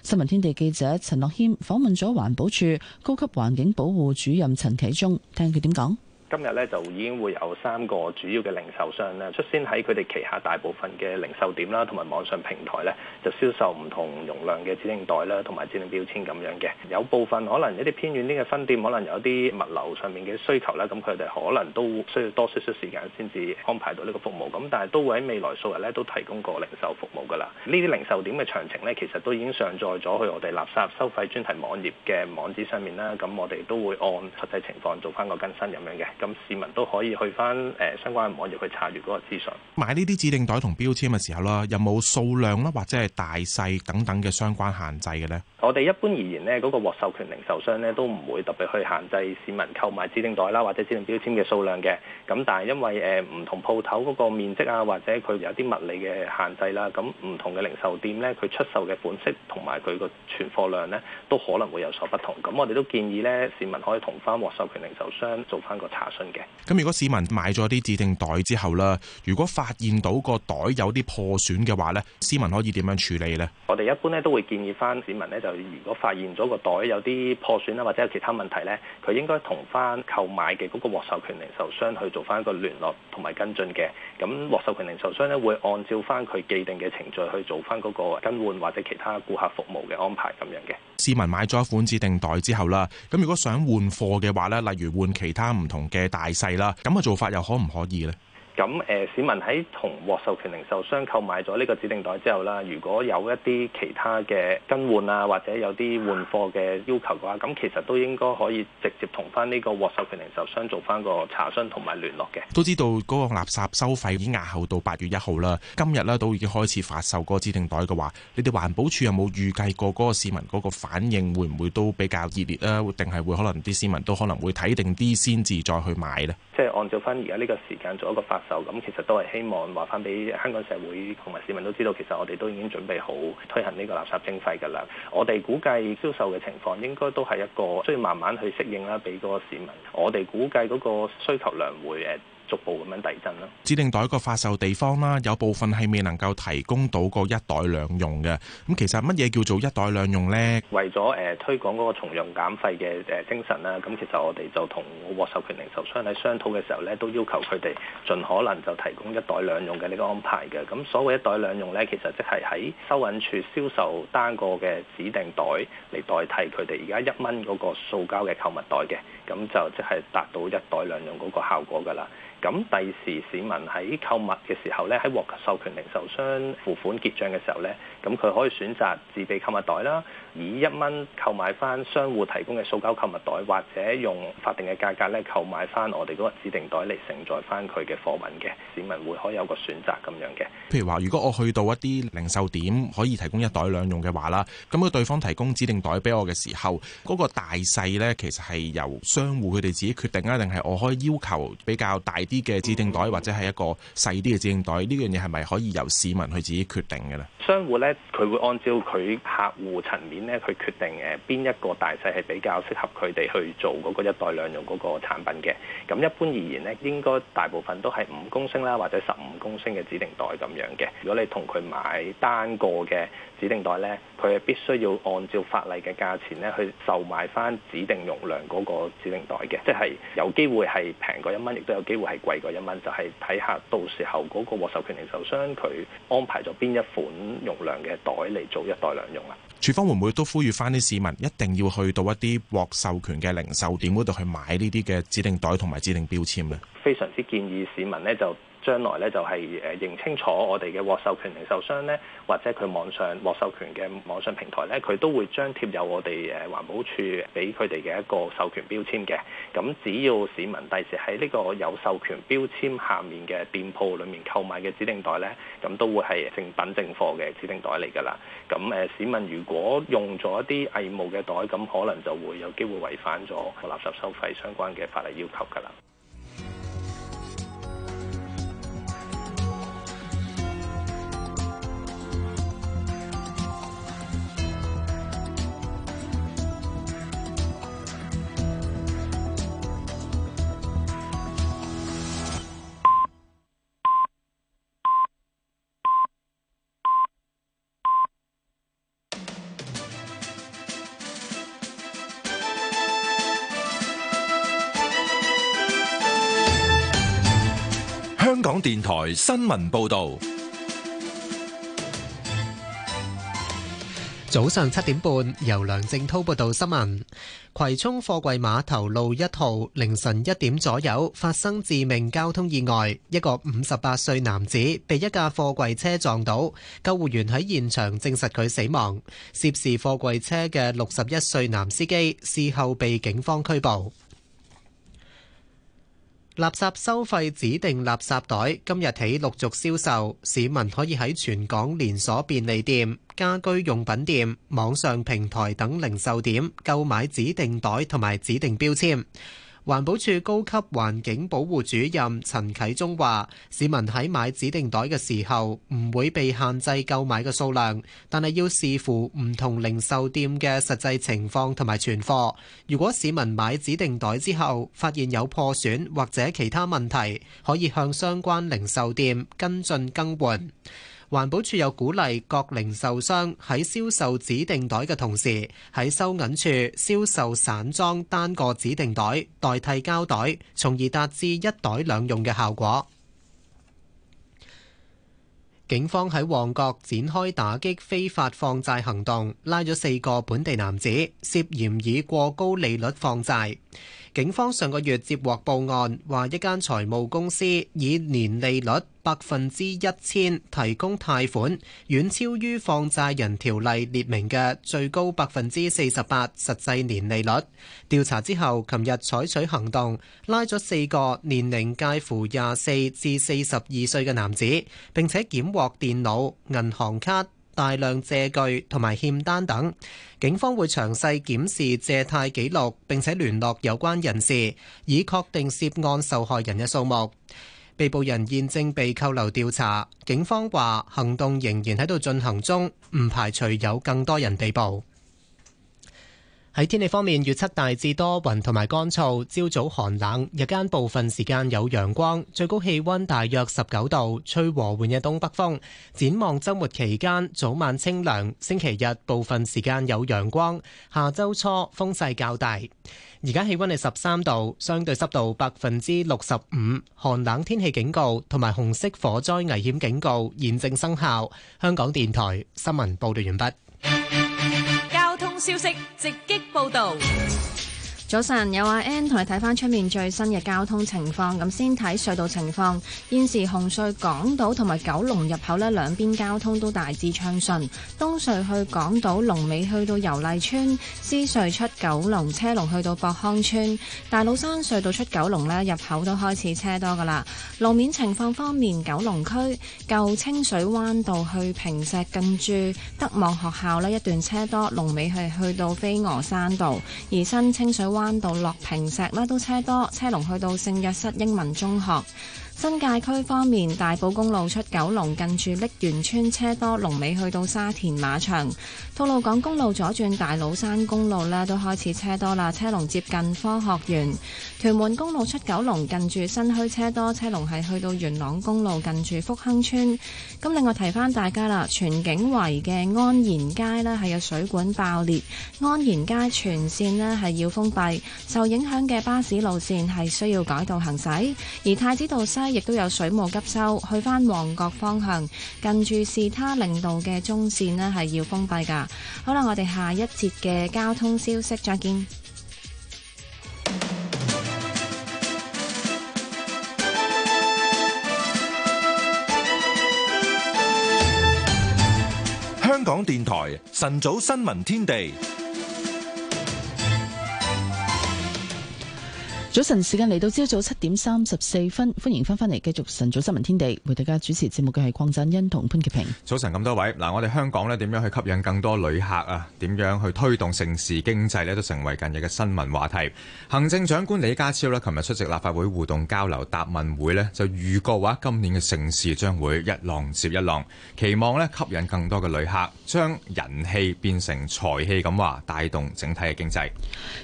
新聞天地記者陳樂謙訪問咗環保署高級環境保護主任陳啟忠，聽佢點講。今日咧就已經會有三個主要嘅零售商咧率先喺佢哋旗下大部分嘅零售點啦，同埋網上平台咧就銷售唔同容量嘅指定袋啦，同埋指定標籤咁樣嘅。有部分可能一啲偏遠啲嘅分店，可能有一啲物流上面嘅需求啦，咁佢哋可能都需要多少少時間先至安排到呢個服務。咁但係都會喺未來數日咧都提供個零售服務㗎啦。呢啲零售點嘅詳情咧，其實都已經上載咗去我哋垃圾收費專題網頁嘅網址上面啦。咁我哋都會按實際情況做翻個更新咁樣嘅。咁市民都可以去返誒相關網頁去查閲嗰個資訊。買呢啲指定袋同標籤嘅時候啦，有冇數量啦，或者係大細等等嘅相關限制嘅呢？我哋一般而言呢嗰、嗰個獲授權零售商呢，都唔會特別去限制市民購買指定袋啦，或者指定標籤嘅數量嘅。咁但係因為誒唔同鋪頭嗰個面積啊，或者佢有啲物理嘅限制啦，咁唔同嘅零售店咧，佢出售嘅款式同埋佢個存貨量咧，都可能會有所不同。咁我哋都建議咧，市民可以同翻獲授權零售商做翻個查詢嘅。咁如果市民買咗啲指定袋之後啦，如果發現到個袋有啲破損嘅話咧，市民可以點樣處理咧？我哋一般咧都會建議翻市民咧，就如果發現咗個袋有啲破損啊或者有其他問題咧，佢應該同翻購買嘅嗰個獲授權零售商去。做翻一個聯絡同埋跟進嘅，咁獲授權零售商咧，會按照翻佢既定嘅程序去做翻嗰個更換或者其他顧客服務嘅安排咁樣嘅。市民買咗一款指定袋之後啦，咁如果想換貨嘅話咧，例如換其他唔同嘅大細啦，咁個做法又可唔可以呢？咁誒，市民喺同獲授權零售商購買咗呢個指定袋之後啦，如果有一啲其他嘅更換啊，或者有啲換貨嘅要求嘅話，咁其實都應該可以直接同翻呢個獲授權零售商做翻個查詢同埋聯絡嘅。都知道嗰個垃圾收費已經押後到八月一號啦，今日咧都已經開始發售嗰個指定袋嘅話，你哋環保署有冇預計過嗰個市民嗰個反應會唔會都比較熱烈咧？定係會可能啲市民都可能會睇定啲先至再去買咧？即係按照翻而家呢個時間做一個發。咁，其實都係希望話翻俾香港社會同埋市民都知道，其實我哋都已經準備好推行呢個垃圾徵費㗎啦。我哋估計銷售嘅情況應該都係一個需要慢慢去適應啦，俾個市民。我哋估計嗰個需求量會誒指定袋個發售地方啦，有部分係未能夠提供到個一袋兩用嘅。咁其實乜嘢叫做一袋兩用呢？為咗誒推廣嗰個重用減費嘅誒精神啦，咁其實我哋就同獲授權零售商喺商討嘅時候咧，都要求佢哋盡可能就提供一袋兩用嘅呢個安排嘅。咁所謂一袋兩用咧，其實即係喺收銀處銷售單個嘅指定袋嚟，代替佢哋而家一蚊嗰個塑膠嘅購物袋嘅。咁就即係達到一袋兩用嗰個效果㗎啦。咁第時市民喺購物嘅時候咧，喺獲授權零售商付款結賬嘅時候咧，咁佢可以選擇自備購物袋啦。以一蚊購買翻商戶提供嘅塑膠購物袋，或者用法定嘅價格咧購買翻我哋嗰個指定袋嚟承載翻佢嘅貨品嘅市民會可以有個選擇咁樣嘅。譬如話，如果我去到一啲零售點，可以提供一袋兩用嘅話啦，咁佢對方提供指定袋俾我嘅時候，嗰個大細呢，其實係由商戶佢哋自己決定啊，定係我可以要求比較大啲嘅指定袋，或者係一個細啲嘅指定袋？呢樣嘢係咪可以由市民去自己決定嘅呢？商戶呢，佢會按照佢客戶層面。咧佢決定誒邊一個大細係比較適合佢哋去做嗰個一袋兩用嗰個產品嘅。咁一般而言咧，應該大部分都係五公升啦，或者十五公升嘅指定袋咁樣嘅。如果你同佢買單個嘅。指定袋呢，佢係必須要按照法例嘅價錢呢去售賣翻指定容量嗰個指定袋嘅，即係有機會係平過一蚊，亦都有機會係貴過一蚊，就係睇下到時候嗰個獲授權零售商佢安排咗邊一款容量嘅袋嚟做一袋兩用啊。署方會唔會都呼籲翻啲市民一定要去到一啲獲授權嘅零售點嗰度去買呢啲嘅指定袋同埋指定標籤呢，非常之建議市民呢就。將來咧就係誒認清楚我哋嘅獲授權零售商咧，或者佢網上獲授權嘅網上平台咧，佢都會張貼有我哋誒環保署俾佢哋嘅一個授權標籤嘅。咁只要市民第時喺呢個有授權標籤下面嘅店鋪裡面購買嘅指定袋咧，咁都會係正品正貨嘅指定袋嚟㗎啦。咁誒市民如果用咗啲偽冒嘅袋，咁可能就會有機會違反咗垃圾收費相關嘅法例要求㗎啦。電台新聞報道：早上七點半，由梁正濤報道新聞。葵涌貨櫃碼頭路一號，凌晨一點左右發生致命交通意外，一個五十八歲男子被一架貨櫃車撞倒，救護員喺現場證實佢死亡。涉事貨櫃車嘅六十一歲男司機事後被警方拘捕。垃圾收費指定垃圾袋今日起陸續銷售，市民可以喺全港連鎖便利店、家居用品店、網上平台等零售點購買指定袋同埋指定標籤。環保署高級環境保護主任陳啟中話，市民喺買指定袋嘅時候唔會被限制購買嘅數量，但係要視乎唔同零售店嘅實際情況同埋存貨。如果市民買指定袋之後發現有破損或者其他問題，可以向相關零售店跟進更換。環保署又鼓勵各零售商喺銷售指定袋嘅同時，喺收銀處銷售散裝單個指定袋，代替膠袋，從而達至一袋兩用嘅效果。警方喺旺角展開打擊非法放債行動，拉咗四個本地男子涉嫌以過高利率放債。警方上個月接獲報案，話一間財務公司以年利率百分之一千提供貸款，遠超於放債人條例列明嘅最高百分之四十八實際年利率。調查之後，琴日採取行動，拉咗四個年齡介乎廿四至四十二歲嘅男子，並且檢獲電腦、銀行卡。大量借據同埋欠單等，警方會詳細檢視借貸記錄，並且聯絡有關人士，以確定涉案受害人嘅數目。被捕人現正被扣留調查，警方話行動仍然喺度進行中，唔排除有更多人被捕。喺天氣方面，預測大致多雲同埋乾燥，朝早寒冷，日間部分時間有陽光，最高氣温大約十九度，吹和緩嘅東北風。展望周末期間，早晚清涼，星期日部分時間有陽光，下周初風勢較大。而家氣温係十三度，相對濕度百分之六十五，寒冷天氣警告同埋紅色火災危險警告現正生效。香港電台新聞報道完畢。消息直擊報導。早晨，有阿 Ann 同你睇翻出面最新嘅交通情況，咁先睇隧道情況。現時紅隧港島同埋九龍入口咧，兩邊交通都大致暢順，東隧去港島龍尾去到油麗邨；獅隧出九龍車龍去到博康邨。大老山隧道出九龍咧，入口都開始車多噶啦。路面情況方面，九龍區舊清水灣道去坪石近住德望學校咧一段車多，龍尾去去到飛鵝山道；而新清水灣。翻到落坪石啦，都車多，車龍去到聖若瑟英文中學。新界區方面，大埔公路出九龍近住瀝源村車多，龍尾去到沙田馬場。吐露港公路左轉大老山公路咧，都開始車多啦，車龍接近科學園。屯門公路出九龍近住新墟車多，車龍係去到元朗公路近住福亨村。咁另外提翻大家啦，荃景圍嘅安賢街咧，係有水管爆裂，安賢街全線咧，係要封閉，受影響嘅巴士路線係需要改道行駛。而太子道西亦都有水務急修，去返旺角方向近住士他令道嘅中線呢，係要封閉㗎。好啦，我哋下一節嘅交通消息再見。香港電台晨早新聞天地。早晨，時間嚟到朝早七點三十四分，歡迎翻返嚟繼續晨早新聞天地，為大家主持節目嘅係鄺振欣同潘潔平。早晨咁多位嗱，我哋香港呢點樣去吸引更多旅客啊？點樣去推動城市經濟呢？都成為近日嘅新聞話題。行政長官李家超呢，琴日出席立法會互動交流答問會呢，就預告話今年嘅城市將會一浪接一浪，期望呢吸引更多嘅旅客，將人氣變成財氣咁話，帶動整體嘅經濟。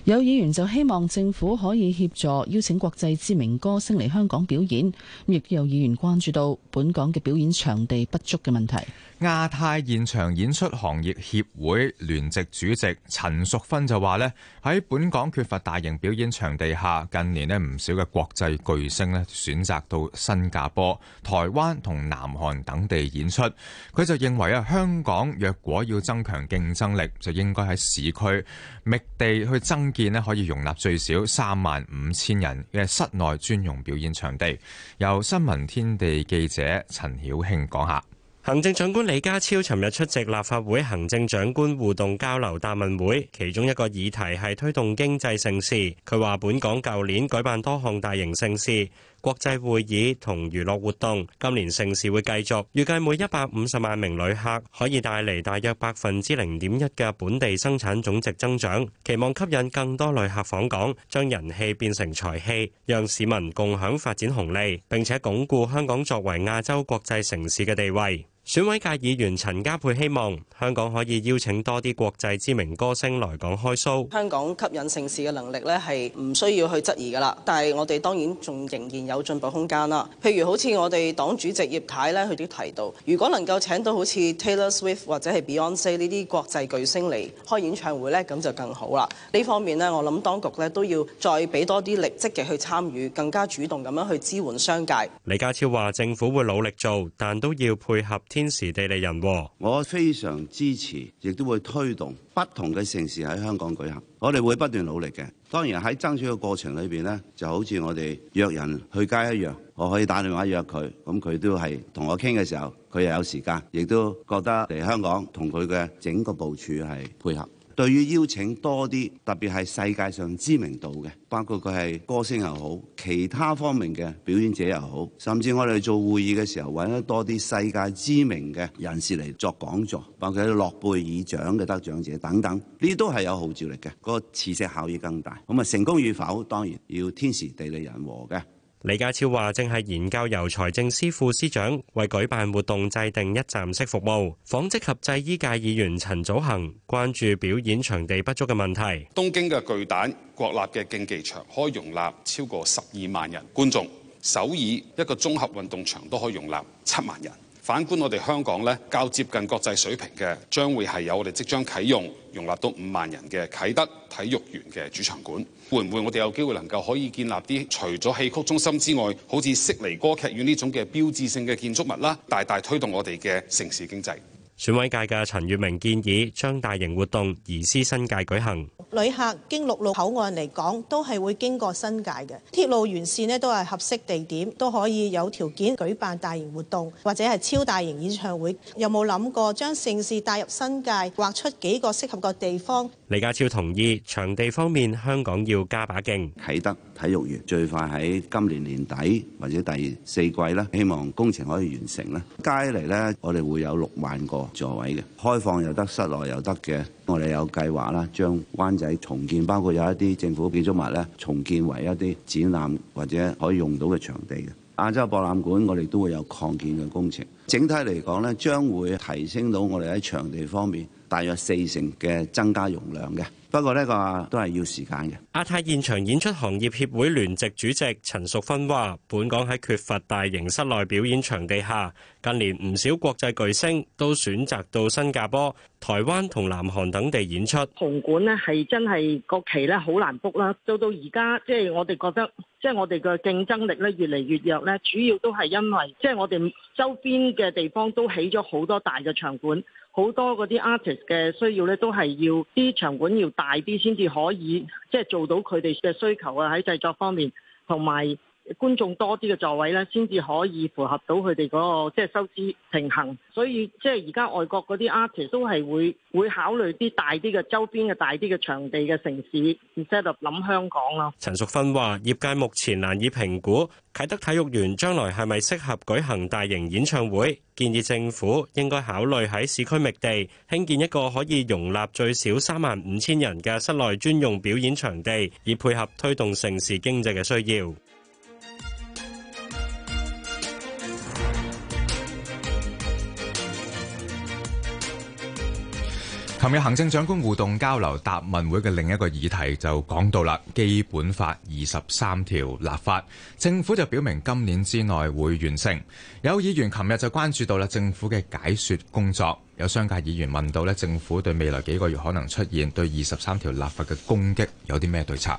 有議員就希望政府可以協邀請國際知名歌星嚟香港表演，亦都有議員關注到本港嘅表演場地不足嘅問題。亞太現場演出行業協會聯席主席陳淑芬就話呢，喺本港缺乏大型表演場地下，近年咧唔少嘅國際巨星咧選擇到新加坡、台灣同南韓等地演出。佢就認為啊，香港若果要增強競爭力，就應該喺市區覓地去增建可以容納最少三萬五千人嘅室內專用表演場地。由新聞天地記者陳曉卿講下。行政長官李家超尋日出席立法會行政長官互動交流答問會，其中一個議題係推動經濟盛事。佢話本港舊年舉辦多項大型盛事，國際會議同娛樂活動，今年城市盛事會繼續，預計每一百五十萬名旅客可以帶嚟大約百分之零點一嘅本地生產總值增長，期望吸引更多旅客訪港，將人氣變成財氣，讓市民共享發展紅利，並且鞏固香港作為亞洲國際城市嘅地位。選委界議員陳家佩希望香港可以邀請多啲國際知名歌星來港開 show。香港吸引城市嘅能力呢係唔需要去質疑噶啦，但係我哋當然仲仍然有進步空間啦。譬如好似我哋黨主席葉太呢，佢都提到，如果能夠請到好似 Taylor Swift 或者係 Beyonce 呢啲國際巨星嚟開演唱會呢，咁就更好啦。呢方面呢，我諗當局呢都要再俾多啲力，積極去參與，更加主動咁樣去支援商界。李家超話政府會努力做，但都要配合天時地利人和，我非常支持，亦都會推動不同嘅城市喺香港舉行。我哋會不斷努力嘅。當然喺爭取嘅過程裏邊呢，就好似我哋約人去街一樣，我可以打電話約佢，咁佢都係同我傾嘅時候，佢又有時間，亦都覺得嚟香港同佢嘅整個部署係配合。對於邀請多啲，特別係世界上知名度嘅，包括佢係歌星又好，其他方面嘅表演者又好，甚至我哋做會議嘅時候搵得多啲世界知名嘅人士嚟作講座，包括係諾貝爾獎嘅得獎者等等，呢啲都係有號召力嘅，嗰個磁石效應更大。咁啊，成功與否當然要天時地利人和嘅。李家超話正係研究由財政司副司長為舉辦活動制定一站式服務。紡織及製衣界議員陳祖恆關注表演場地不足嘅問題。東京嘅巨蛋、國立嘅競技場可以容納超過十二萬人觀眾，首爾一個綜合運動場都可以容納七萬人。反觀我哋香港咧，較接近國際水平嘅，將會係有我哋即將啟用，容納到五萬人嘅啟德體育園嘅主場館，會唔會我哋有機會能夠可以建立啲除咗戲曲中心之外，好似悉尼歌劇院呢種嘅標誌性嘅建築物啦，大大推動我哋嘅城市經濟？選委界嘅陳月明建議，將大型活動移師新界舉行。旅客經陸路口岸嚟講，都係會經過新界嘅鐵路沿線呢，都係合適地點，都可以有條件舉辦大型活動或者係超大型演唱會。有冇諗過將盛事帶入新界，劃出幾個適合嘅地方？李家超同意，場地方面，香港要加把勁，係得。體育園最快喺今年年底或者第四季啦，希望工程可以完成啦。加起嚟咧，我哋會有六萬個座位嘅，開放又得，室內又得嘅。我哋有計劃啦，將灣仔重建，包括有一啲政府建築物咧，重建為一啲展覽或者可以用到嘅場地嘅。亞洲博覽館，我哋都會有擴建嘅工程。整體嚟講咧，將會提升到我哋喺場地方面大約四成嘅增加容量嘅。不過呢個都係要時間嘅。亞太現場演出行業協會聯席主席陳淑芬話，本港喺缺乏大型室內表演場地下，近年唔少國際巨星都選擇到新加坡、台灣同南韓等地演出。紅館呢，係真係檔期咧，好難 book 啦，到到而家即係我哋覺得，即係我哋嘅競爭力咧越嚟越弱咧，主要都係因為即係我哋周邊嘅地方都起咗好多大嘅場館。好多嗰啲 artist 嘅需要咧，都係要啲場館要大啲先至可以，即係做到佢哋嘅需求啊！喺製作方面同埋。觀眾多啲嘅座位咧，先至可以符合到佢哋嗰個即係收支平衡，所以即係而家外國嗰啲 artist 都係會會考慮啲大啲嘅周邊嘅大啲嘅場地嘅城市，唔使就諗香港啦。陳淑芬話：業界目前難以評估啟德體育園將來係咪適合舉行大型演唱會，建議政府應該考慮喺市區覓地興建一個可以容納最少三萬五千人嘅室內專用表演場地，以配合推動城市經濟嘅需要。琴日行政長官互動交流答問會嘅另一個議題就講到啦《基本法》二十三條立法，政府就表明今年之內會完成。有議員琴日就關注到啦政府嘅解說工作。有商界議員問到咧，政府對未來幾個月可能出現對二十三條立法嘅攻擊有啲咩對策？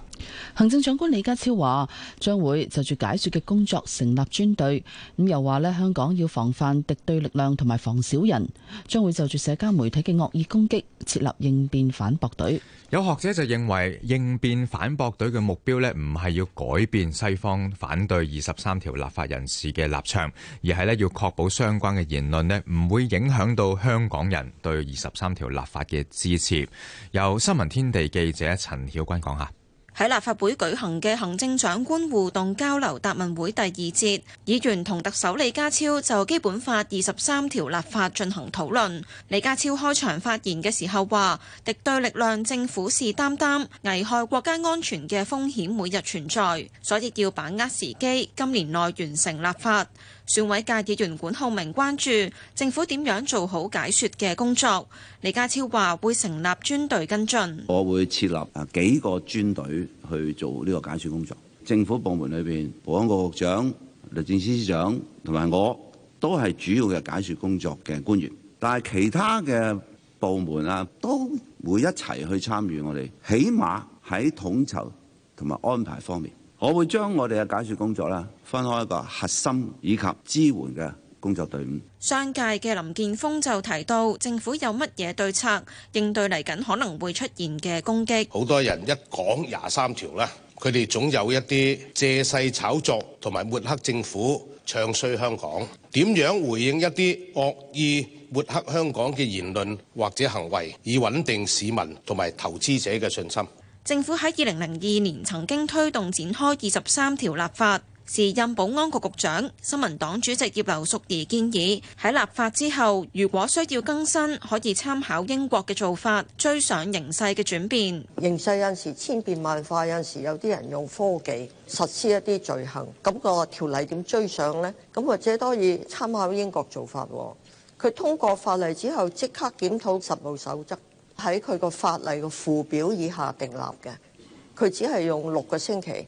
行政長官李家超話將會就住解説嘅工作成立專隊，咁又話咧香港要防範敵對力量同埋防小人，將會就住社交媒體嘅惡意攻擊設立應變反駁隊。有學者就認為應變反駁隊嘅目標咧，唔係要改變西方反對二十三條立法人士嘅立場，而係咧要確保相關嘅言論咧唔會影響到香。港人對二十三條立法嘅支持，由新聞天地記者陳曉君講下。喺立法會舉行嘅行政長官互動交流答問會第二節，議員同特首李家超就基本法二十三條立法進行討論。李家超開場發言嘅時候話：敵對力量正虎視眈眈，危害國家安全嘅風險每日存在，所以要把握時機，今年內完成立法。選委界議員管浩明關注政府點樣做好解說嘅工作，李家超話會成立專隊跟進。我會設立啊幾個專隊去做呢個解說工作。政府部門裏邊，保安局局長、律政司司長同埋我都係主要嘅解說工作嘅官員，但係其他嘅部門啊，都會一齊去參與我哋，起碼喺統籌同埋安排方面。我會將我哋嘅解説工作啦，分開一個核心以及支援嘅工作隊伍。商界嘅林健鋒就提到，政府有乜嘢對策應對嚟緊可能會出現嘅攻擊？好多人一講廿三條啦，佢哋總有一啲借勢炒作同埋抹黑政府、唱衰香港。點樣回應一啲惡意抹黑香港嘅言論或者行為，以穩定市民同埋投資者嘅信心？政府喺二零零二年曾經推動展開二十三條立法，時任保安局局長、新民黨主席葉劉淑儀建議，喺立法之後，如果需要更新，可以參考英國嘅做法，追上形勢嘅轉變。形勢有陣時千變萬化，有陣時有啲人用科技實施一啲罪行，咁個條例點追上呢？咁或者都可以參考英國做法。佢通過法例之後，即刻檢討實務守則。喺佢個法例個附表以下訂立嘅，佢只係用六個星期。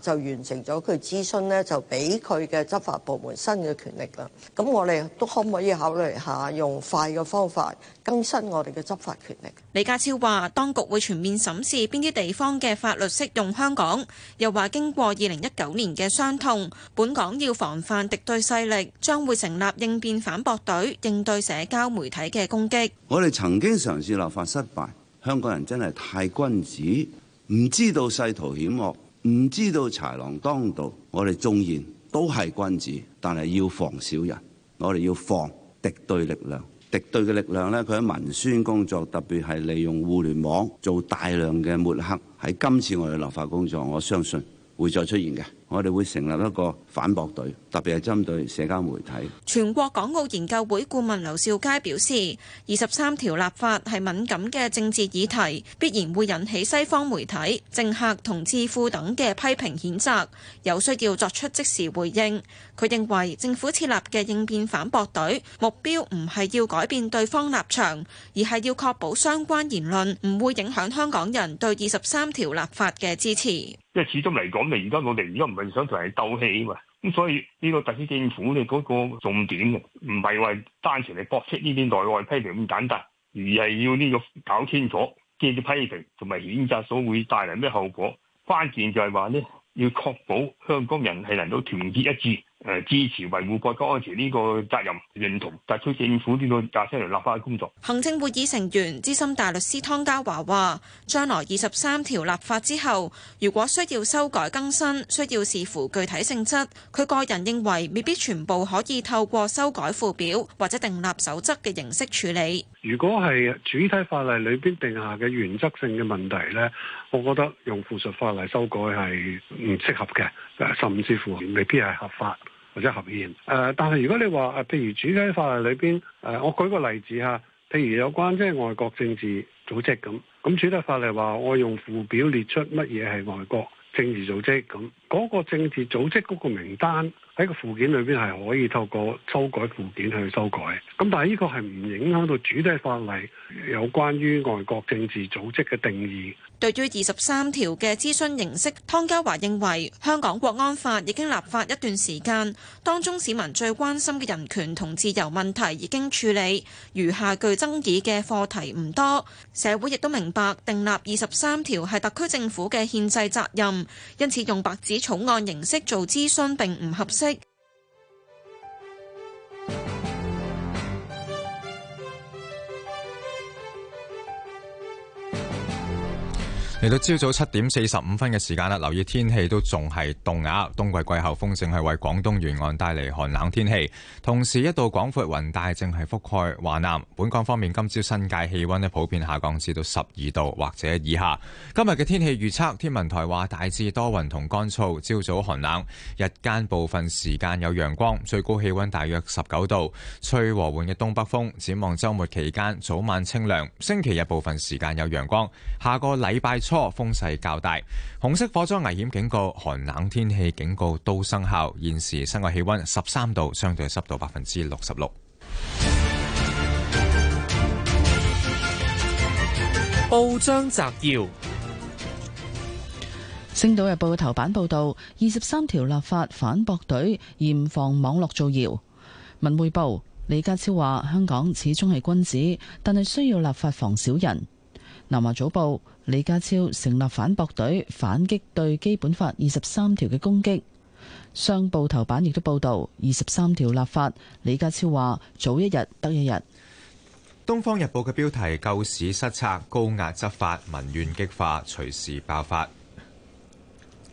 就完成咗佢諮詢呢就俾佢嘅執法部門新嘅權力啦。咁我哋都可唔可以考慮下用快嘅方法更新我哋嘅執法權力？李家超話，當局會全面審視邊啲地方嘅法律適用香港。又話經過二零一九年嘅傷痛，本港要防範敵對勢力，將會成立應變反駁隊，應對社交媒體嘅攻擊。我哋曾經嘗試立法失敗，香港人真係太君子，唔知道世途險惡。唔知道豺狼當道，我哋縱然都係君子，但係要防小人。我哋要防敵對力量。敵對嘅力量呢，佢喺文宣工作，特別係利用互聯網做大量嘅抹黑。喺今次我哋立法工作，我相信，會再出現嘅，我哋會成立一個反駁隊，特別係針對社交媒體。全國港澳研究會顧問劉兆佳表示，二十三條立法係敏感嘅政治議題，必然會引起西方媒體、政客同智庫等嘅批評譴責，有需要作出即時回應。佢認為政府設立嘅應變反駁隊目標唔係要改變對方立場，而係要確保相關言論唔會影響香港人對二十三條立法嘅支持。因為始終嚟講，你而家我哋而家唔係想同人鬥氣嘛，咁所以呢個特區政府咧嗰個重點唔係話單純係駁斥呢啲內外批評咁簡單，而係要呢個搞清楚呢啲批評同埋譴責所會帶嚟咩後果。關鍵就係話咧，要確保香港人係能夠團結一致。誒支持維護國家安全呢個責任，認同特區政府呢個架出嚟立法嘅工作。行政會議成員資深大律師湯家華話，將來二十三條立法之後，如果需要修改更新，需要視乎具體性質。佢個人認為未必全部可以透過修改附表或者訂立守則嘅形式處理。如果係主體法例裏邊定下嘅原則性嘅問題，呢我覺得用附屬法例修改係唔適合嘅，甚至乎未必係合法，或者合憲，誒、呃，但係如果你話誒，譬如主體法例裏邊，誒、呃，我舉個例子嚇，譬如有關即係外國政治組織咁，咁主體法例話我用附表列出乜嘢係外國政治組織咁，嗰個政治組織嗰個名單。喺個附件裏面係可以透過修改附件去修改，咁但係呢個係唔影響到主體法例有關於外國政治組織嘅定義。對於二十三條嘅諮詢形式，湯家驊認為香港國安法已經立法一段時間，當中市民最關心嘅人權同自由問題已經處理，餘下具爭議嘅課題唔多，社會亦都明白訂立二十三條係特區政府嘅憲制責任，因此用白紙草案形式做諮詢並唔合適。嚟到朝早七點四十五分嘅時間啦，留意天氣都仲係凍㗎，冬季季候風正係為廣東沿岸帶嚟寒冷天氣，同時一道廣闊雲帶正係覆蓋華南。本港方面，今朝新界氣溫咧普遍下降至到十二度或者以下。今日嘅天氣預測，天文台話大致多雲同乾燥，朝早寒冷，日間部分時間有陽光，最高氣溫大約十九度，吹和緩嘅東北風。展望周末期間早晚清涼，星期日部分時間有陽光，下個禮拜初初風勢較大，紅色火災危險警告、寒冷天氣警告都生效。現時室外氣溫十三度，相對濕度百分之六十六。報章摘要，《星島日報》嘅頭版報道二十三條立法反駁隊嚴防網絡造謠。《文匯報》李家超話：香港始終係君子，但係需要立法防小人。《南華早報》。李家超成立反駁隊反擊對基本法二十三條嘅攻擊。商報頭版亦都報道二十三條立法。李家超話早一日得一日。東方日報嘅標題：救市失策，高壓執法，民怨激化，隨時爆發。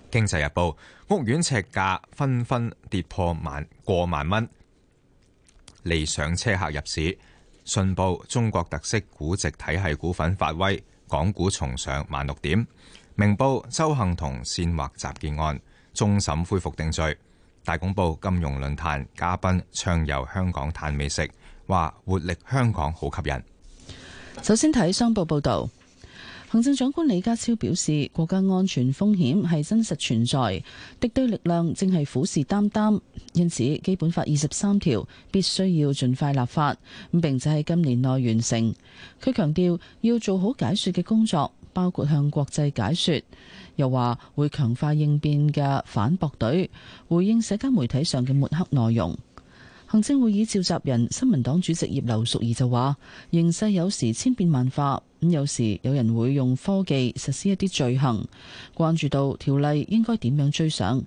經濟日報：屋苑尺價紛紛跌破萬過萬蚊。理想車客入市。信報：中國特色估值體系股份發威。港股重上萬六點，明報，鄒幸彤煽惑集結案終審恢復定罪，大公報，金融論壇嘉賓暢遊香港嘆美食，話活力香港好吸引。首先睇商報報道。行政長官李家超表示，國家安全風險係真實存在，敵對力量正係虎視眈眈，因此《基本法》二十三條必須要盡快立法，並且喺今年內完成。佢強調要做好解說嘅工作，包括向國際解說，又話會強化應變嘅反駁隊，回應社交媒體上嘅抹黑內容。行政會議召集人、新民黨主席葉劉淑儀就話：形勢有時千變萬化，咁有時有人會用科技實施一啲罪行，關注到條例應該點樣追上。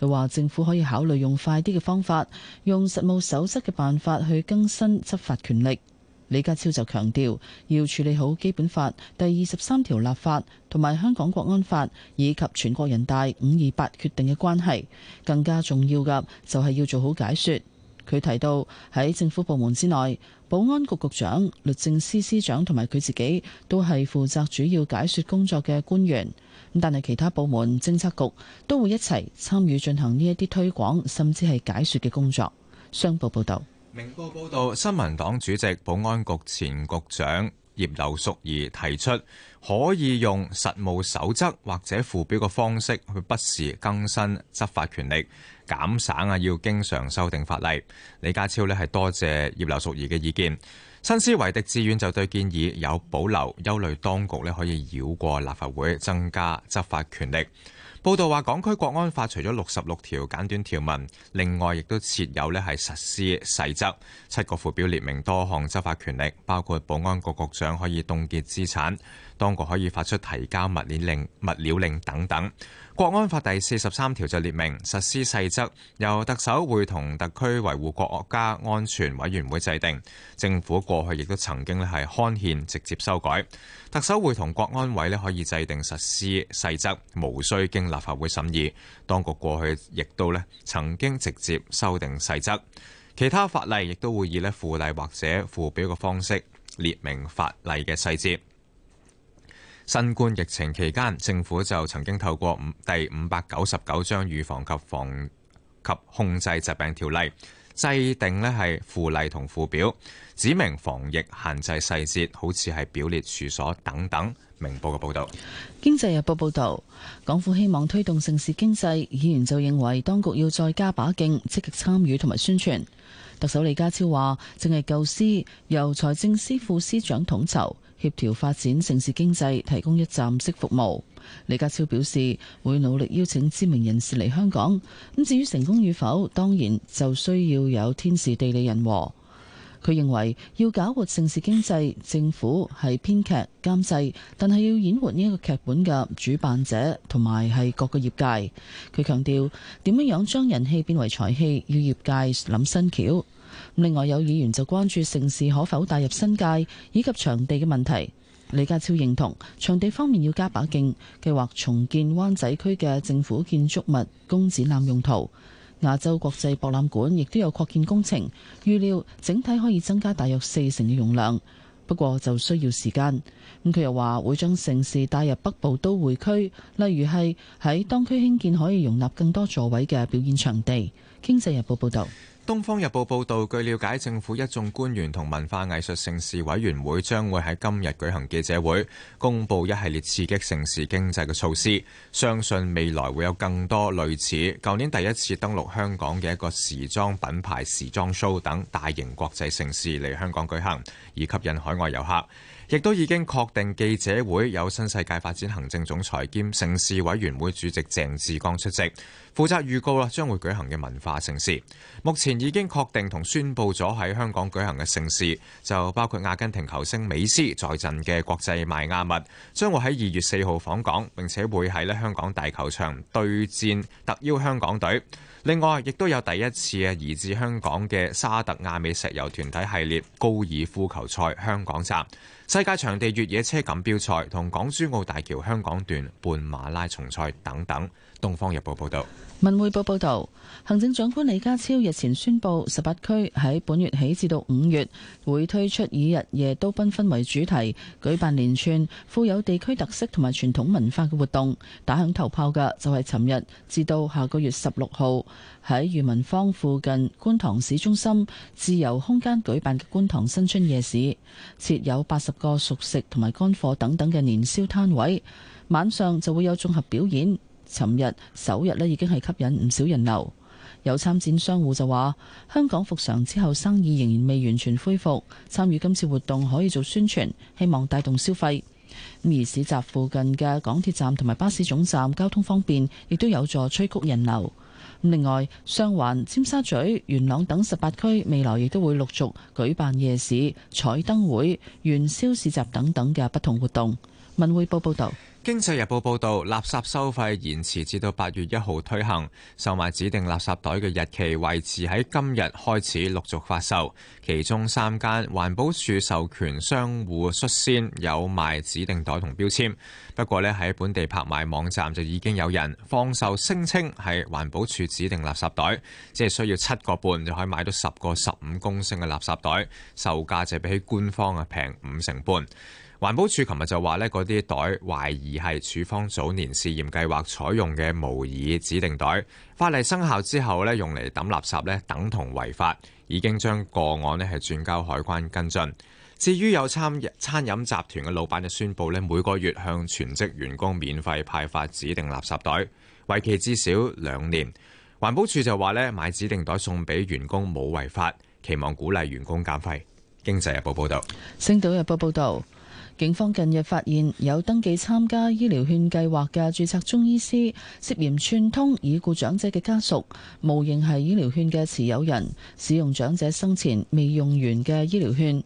佢話政府可以考慮用快啲嘅方法，用實務守則嘅辦法去更新執法權力。李家超就強調要處理好《基本法》第二十三條立法同埋香港國安法以及全國人大五二八決定嘅關係，更加重要嘅就係要做好解說。佢提到喺政府部門之內保安局局長，律政司司長同埋佢自己都係負責主要解說工作嘅官員，但係其他部門政策局都會一齊參與進行呢一啲推廣，甚至係解說嘅工作。商報報道明報報道，新民黨主席、保安局前局長葉劉淑儀提出，可以用實務守則或者附表嘅方式去不時更新執法權力。減省啊，要經常修訂法例。李家超咧係多謝葉劉淑儀嘅意見。新思維的狄志遠就對建議有保留，憂慮當局呢可以繞過立法會，增加執法權力。報道話，港區國安法除咗六十六條簡短條文，另外亦都設有咧係實施細則，七個附表列明多項執法權力，包括保安局局長可以凍結資產，當局可以發出提交物鏈令、物料令等等。國安法第四十三條就列明，實施細則由特首會同特區維護國家安全委員會制定。政府過去亦都曾經咧係刊憲直接修改，特首會同國安委咧可以制定實施細則，無需經。立法會審議，當局過去亦都咧曾經直接修訂細則，其他法例亦都會以咧附例或者附表嘅方式列明法例嘅細節。新冠疫情期間，政府就曾經透過五第五百九十九章預防及防及控制疾病條例，制定呢系附例同附表，指明防疫限制細節，好似係表列處所等等。明報嘅報導，《經濟日報》報導，港府希望推動城市經濟，議員就認為當局要再加把勁，積極參與同埋宣傳。特首李家超話：正係舊司由財政司副司長統籌協調發展城市經濟，提供一站式服務。李家超表示會努力邀請知名人士嚟香港。咁至於成功與否，當然就需要有天時地利人和。佢認為要搞活城市經濟，政府係編劇監製，但係要演活呢個劇本嘅主辦者同埋係各個業界。佢強調點樣樣將人氣變為財氣，要業界諗新橋。另外有議員就關注城市可否帶入新界以及場地嘅問題。李家超認同場地方面要加把勁，計劃重建灣仔區嘅政府建築物供展覽用途。亞洲國際博覽館亦都有擴建工程，預料整體可以增加大約四成嘅容量，不過就需要時間。咁佢又話會將城市帶入北部都會區，例如係喺當區興建可以容納更多座位嘅表演場地。經濟日報報道。《東方日報》報道，據了解，政府一眾官員同文化藝術盛事委員會將會喺今日舉行記者會，公布一系列刺激盛事經濟嘅措施。相信未來會有更多類似舊年第一次登陸香港嘅一個時裝品牌時裝 show 等大型國際盛事嚟香港舉行，以吸引海外遊客。亦都已經確定記者會有新世界發展行政總裁兼盛事委員會主席鄭志剛出席，負責預告啦，將會舉行嘅文化盛事。目前已經確定同宣布咗喺香港舉行嘅盛事就包括阿根廷球星美斯在陣嘅國際邁亞密將會喺二月四號訪港，並且會喺香港大球場對戰特邀香港隊。另外，亦都有第一次移至香港嘅沙特亞美石油團體系列高爾夫球賽香港站。世界場地越野車錦標賽同港珠澳大橋香港段半馬拉松賽等等。《東方日報》報導，《文匯報》報導，行政長官李家超日前宣布，十八區喺本月起至到五月會推出以日夜都繽紛為主題，舉辦連串富有地區特色同埋傳統文化嘅活動。打響頭炮嘅就係尋日至到下個月十六號喺裕民坊附近觀塘市中心自由空間舉辦嘅觀塘新春夜市，設有八十個熟食同埋乾貨等等嘅年宵攤位，晚上就會有綜合表演。尋日首日已經係吸引唔少人流。有參展商戶就話，香港復常之後生意仍然未完全恢復，參與今次活動可以做宣傳，希望帶動消費。而市集附近嘅港鐵站同埋巴士總站交通方便，亦都有助催谷人流。另外，上環、尖沙咀、元朗等十八區未來亦都會陸續舉辦夜市、彩燈會、元宵市集等等嘅不同活動。文匯報報導。經濟日報報道，垃圾收費延遲至到八月一號推行，售賣指定垃圾袋嘅日期維持喺今日開始陸續發售。其中三間環保署授權商戶率先有賣指定袋同標籤。不過呢，喺本地拍賣網站就已經有人放售，聲稱係環保署指定垃圾袋，即係需要七個半就可以買到十個十五公升嘅垃圾袋，售價就比起官方啊平五成半。環保署琴日就話呢嗰啲袋懷疑係處方早年試驗計劃採用嘅模擬指定袋，法例生效之後呢用嚟抌垃圾呢等同違法，已經將個案呢係轉交海關跟進。至於有參餐飲集團嘅老闆就宣布呢每個月向全職員工免費派發指定垃圾袋，為期至少兩年。環保署就話呢買指定袋送俾員工冇違法，期望鼓勵員工減費。經濟日報報道，星島日報報道。警方近日發現有登記參加醫療券計劃嘅註冊中醫師涉嫌串通已故長者嘅家屬，冒認係醫療券嘅持有人，使用長者生前未用完嘅醫療券。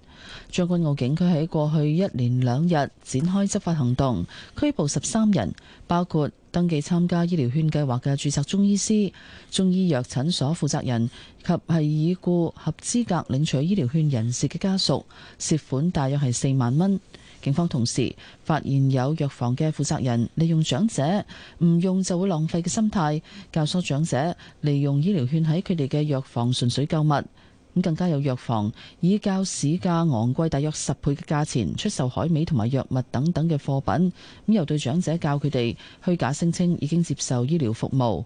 將軍澳警區喺過去一連兩日展開執法行動，拘捕十三人，包括登記參加醫療券計劃嘅註冊中醫師、中醫藥診所負責人及係已故合資格領取醫療券人士嘅家屬，涉款大約係四萬蚊。警方同時發現有藥房嘅負責人利用長者唔用就會浪費嘅心態，教唆長者利用醫療券喺佢哋嘅藥房純粹購物。咁更加有藥房以較市價昂貴大約十倍嘅價錢出售海味同埋藥物等等嘅貨品，咁又對長者教佢哋虛假聲稱已經接受醫療服務。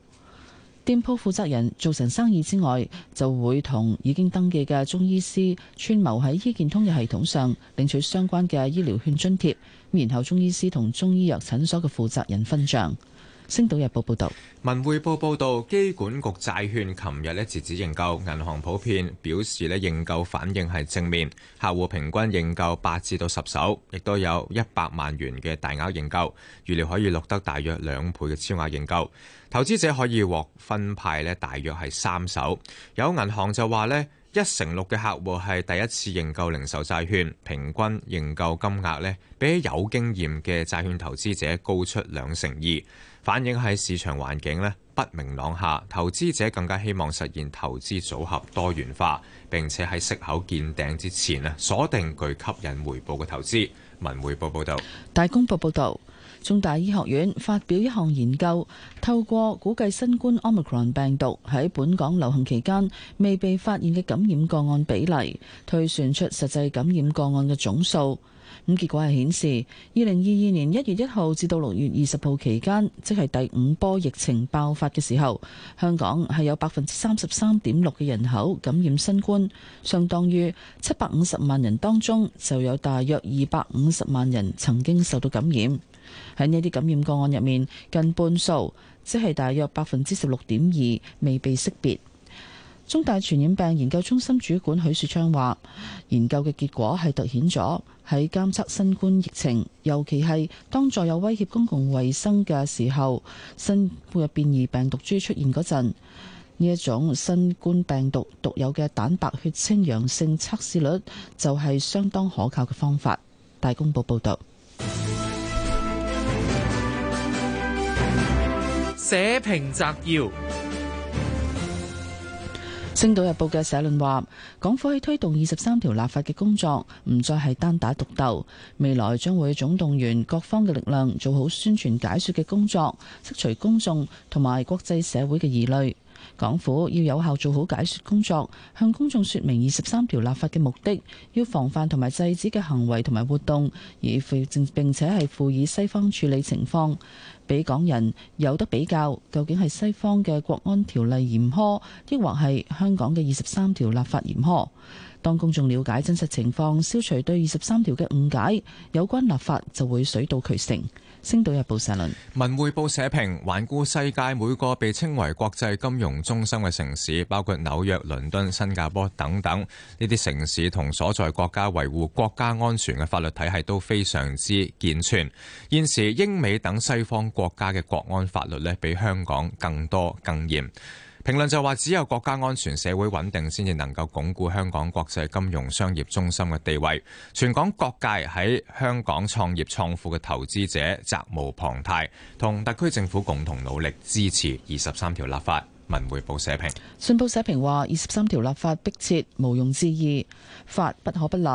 店鋪負責人做成生意之外，就會同已經登記嘅中醫師串謀喺醫健通嘅系統上領取相關嘅醫療券津貼，然後中醫師同中醫藥診所嘅負責人分賬。《星島日報》報道，《文匯報》報道，機管局債券琴日咧截止認購，銀行普遍表示咧認購反應係正面，客戶平均認購八至到十手，亦都有一百萬元嘅大額認購，預料可以錄得大約兩倍嘅超額認購，投資者可以獲分派咧大約係三手。有銀行就話咧一成六嘅客戶係第一次認購零售債券，平均認購金額咧比起有經驗嘅債券投資者高出兩成二。反映喺市場環境不明朗下，投資者更加希望實現投資組合多元化，並且喺息口見頂之前啊，鎖定具吸引回報嘅投資。文匯報報道，大公報報道，中大醫學院發表一項研究，透過估計新冠 Omicron 病毒喺本港流行期間未被發現嘅感染個案比例，推算出實際感染個案嘅總數。咁結果係顯示，二零二二年一月一號至到六月二十號期間，即係第五波疫情爆發嘅時候，香港係有百分之三十三點六嘅人口感染新冠，相當於七百五十萬人當中就有大約二百五十萬人曾經受到感染。喺呢啲感染個案入面，近半數，即係大約百分之十六點二未被識別。中大傳染病研究中心主管許樹昌話：研究嘅結果係凸顯咗喺監測新冠疫情，尤其係當再有威脅公共衛生嘅時候，新嘅變異病毒株出現嗰陣，呢一種新冠病毒獨有嘅蛋白血清陽性測試率就係相當可靠嘅方法。大公報報道。寫評摘要。《星島日報》嘅社論話：港府喺推動《二十三條》立法嘅工作，唔再係單打獨鬥，未來將會總動員各方嘅力量，做好宣傳解説嘅工作，釋除公眾同埋國際社會嘅疑慮。港府要有效做好解説工作，向公眾說明《二十三條》立法嘅目的，要防範同埋制止嘅行為同埋活動，而且係賦予西方處理情況。俾港人有得比較，究竟係西方嘅國安條例嚴苛，抑或係香港嘅二十三條立法嚴苛？當公眾了解真實情況，消除對二十三條嘅誤解，有關立法就會水到渠成。《星島日報》社論：文匯報社評，環顧世界每個被稱為國際金融中心嘅城市，包括紐約、倫敦、新加坡等等，呢啲城市同所在國家維護國家安全嘅法律體系都非常之健全。現時，英美等西方國家嘅國安法律呢，比香港更多更嚴。評論就話，只有國家安全、社會穩定，先至能夠鞏固香港國際金融商業中心嘅地位。全港各界喺香港創業創富嘅投資者責無旁貸，同特區政府共同努力，支持二十三條立法。文匯報社評，信報社評話，二十三條立法迫切，毋庸置疑，法不可不立。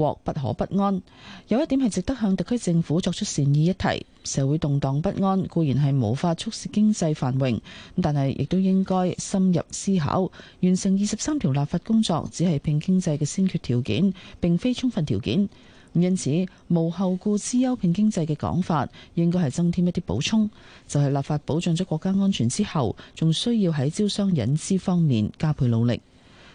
國不可不安。有一點係值得向特區政府作出善意一提：社會動盪不安固然係無法促使經濟繁榮，但係亦都應該深入思考。完成二十三條立法工作只係拼經濟嘅先決條件，並非充分條件。因此，無後顧之憂拼經濟嘅講法，應該係增添一啲補充，就係、是、立法保障咗國家安全之後，仲需要喺招商引資方面加倍努力。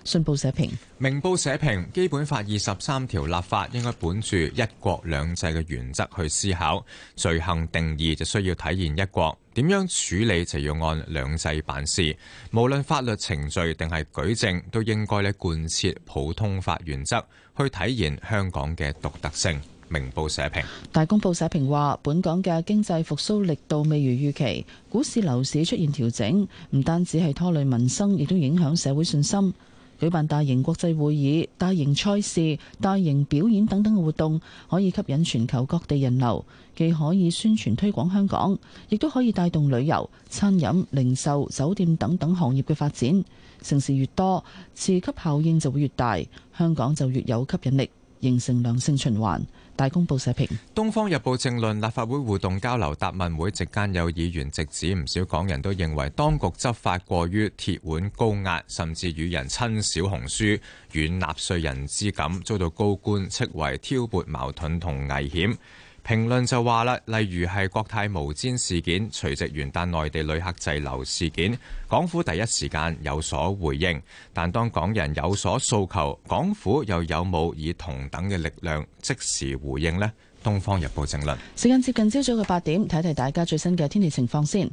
信報社評，明報社評，《基本法》二十三條立法應該本住一國兩制嘅原則去思考罪行定義，就需要體現一國；點樣處理就要按兩制辦事。無論法律程序定係舉證，都應該咧貫徹普通法原則，去體現香港嘅獨特性。明報社評，大公報社評話，本港嘅經濟復蘇力度未如預期，股市樓市出現調整，唔單止係拖累民生，亦都影響社會信心。舉辦大型國際會議、大型賽事、大型表演等等嘅活動，可以吸引全球各地人流，既可以宣傳推廣香港，亦都可以帶動旅遊、餐飲、零售、酒店等等行業嘅發展。城市越多，次級效應就會越大，香港就越有吸引力，形成良性循環。大公報社評《東方日報正論》立法會互動交流答問會席間有議員直指唔少港人都認為當局執法過於鐵腕高壓，甚至與人親小紅書，遠納稅人之感，遭到高官斥為挑撥矛盾同危險。評論就話啦，例如係國泰無氈事件，除夕元旦內地旅客滯留事件，港府第一時間有所回應，但當港人有所訴求，港府又有冇以同等嘅力量即時回應呢？《東方日報正論》。時間接近朝早嘅八點，睇睇大家最新嘅天氣情況先。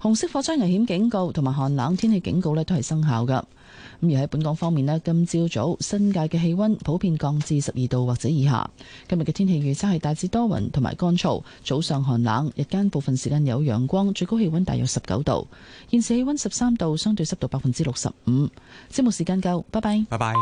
紅色火災危險警告同埋寒冷天氣警告呢都係生效噶。而喺本港方面咧，今朝早，早新界嘅氣溫普遍降至十二度或者以下。今日嘅天氣預測係大致多雲同埋乾燥，早上寒冷，日間部分時間有陽光，最高氣溫大約十九度。現時氣溫十三度，相對濕度百分之六十五。節目時間夠，拜拜。拜拜。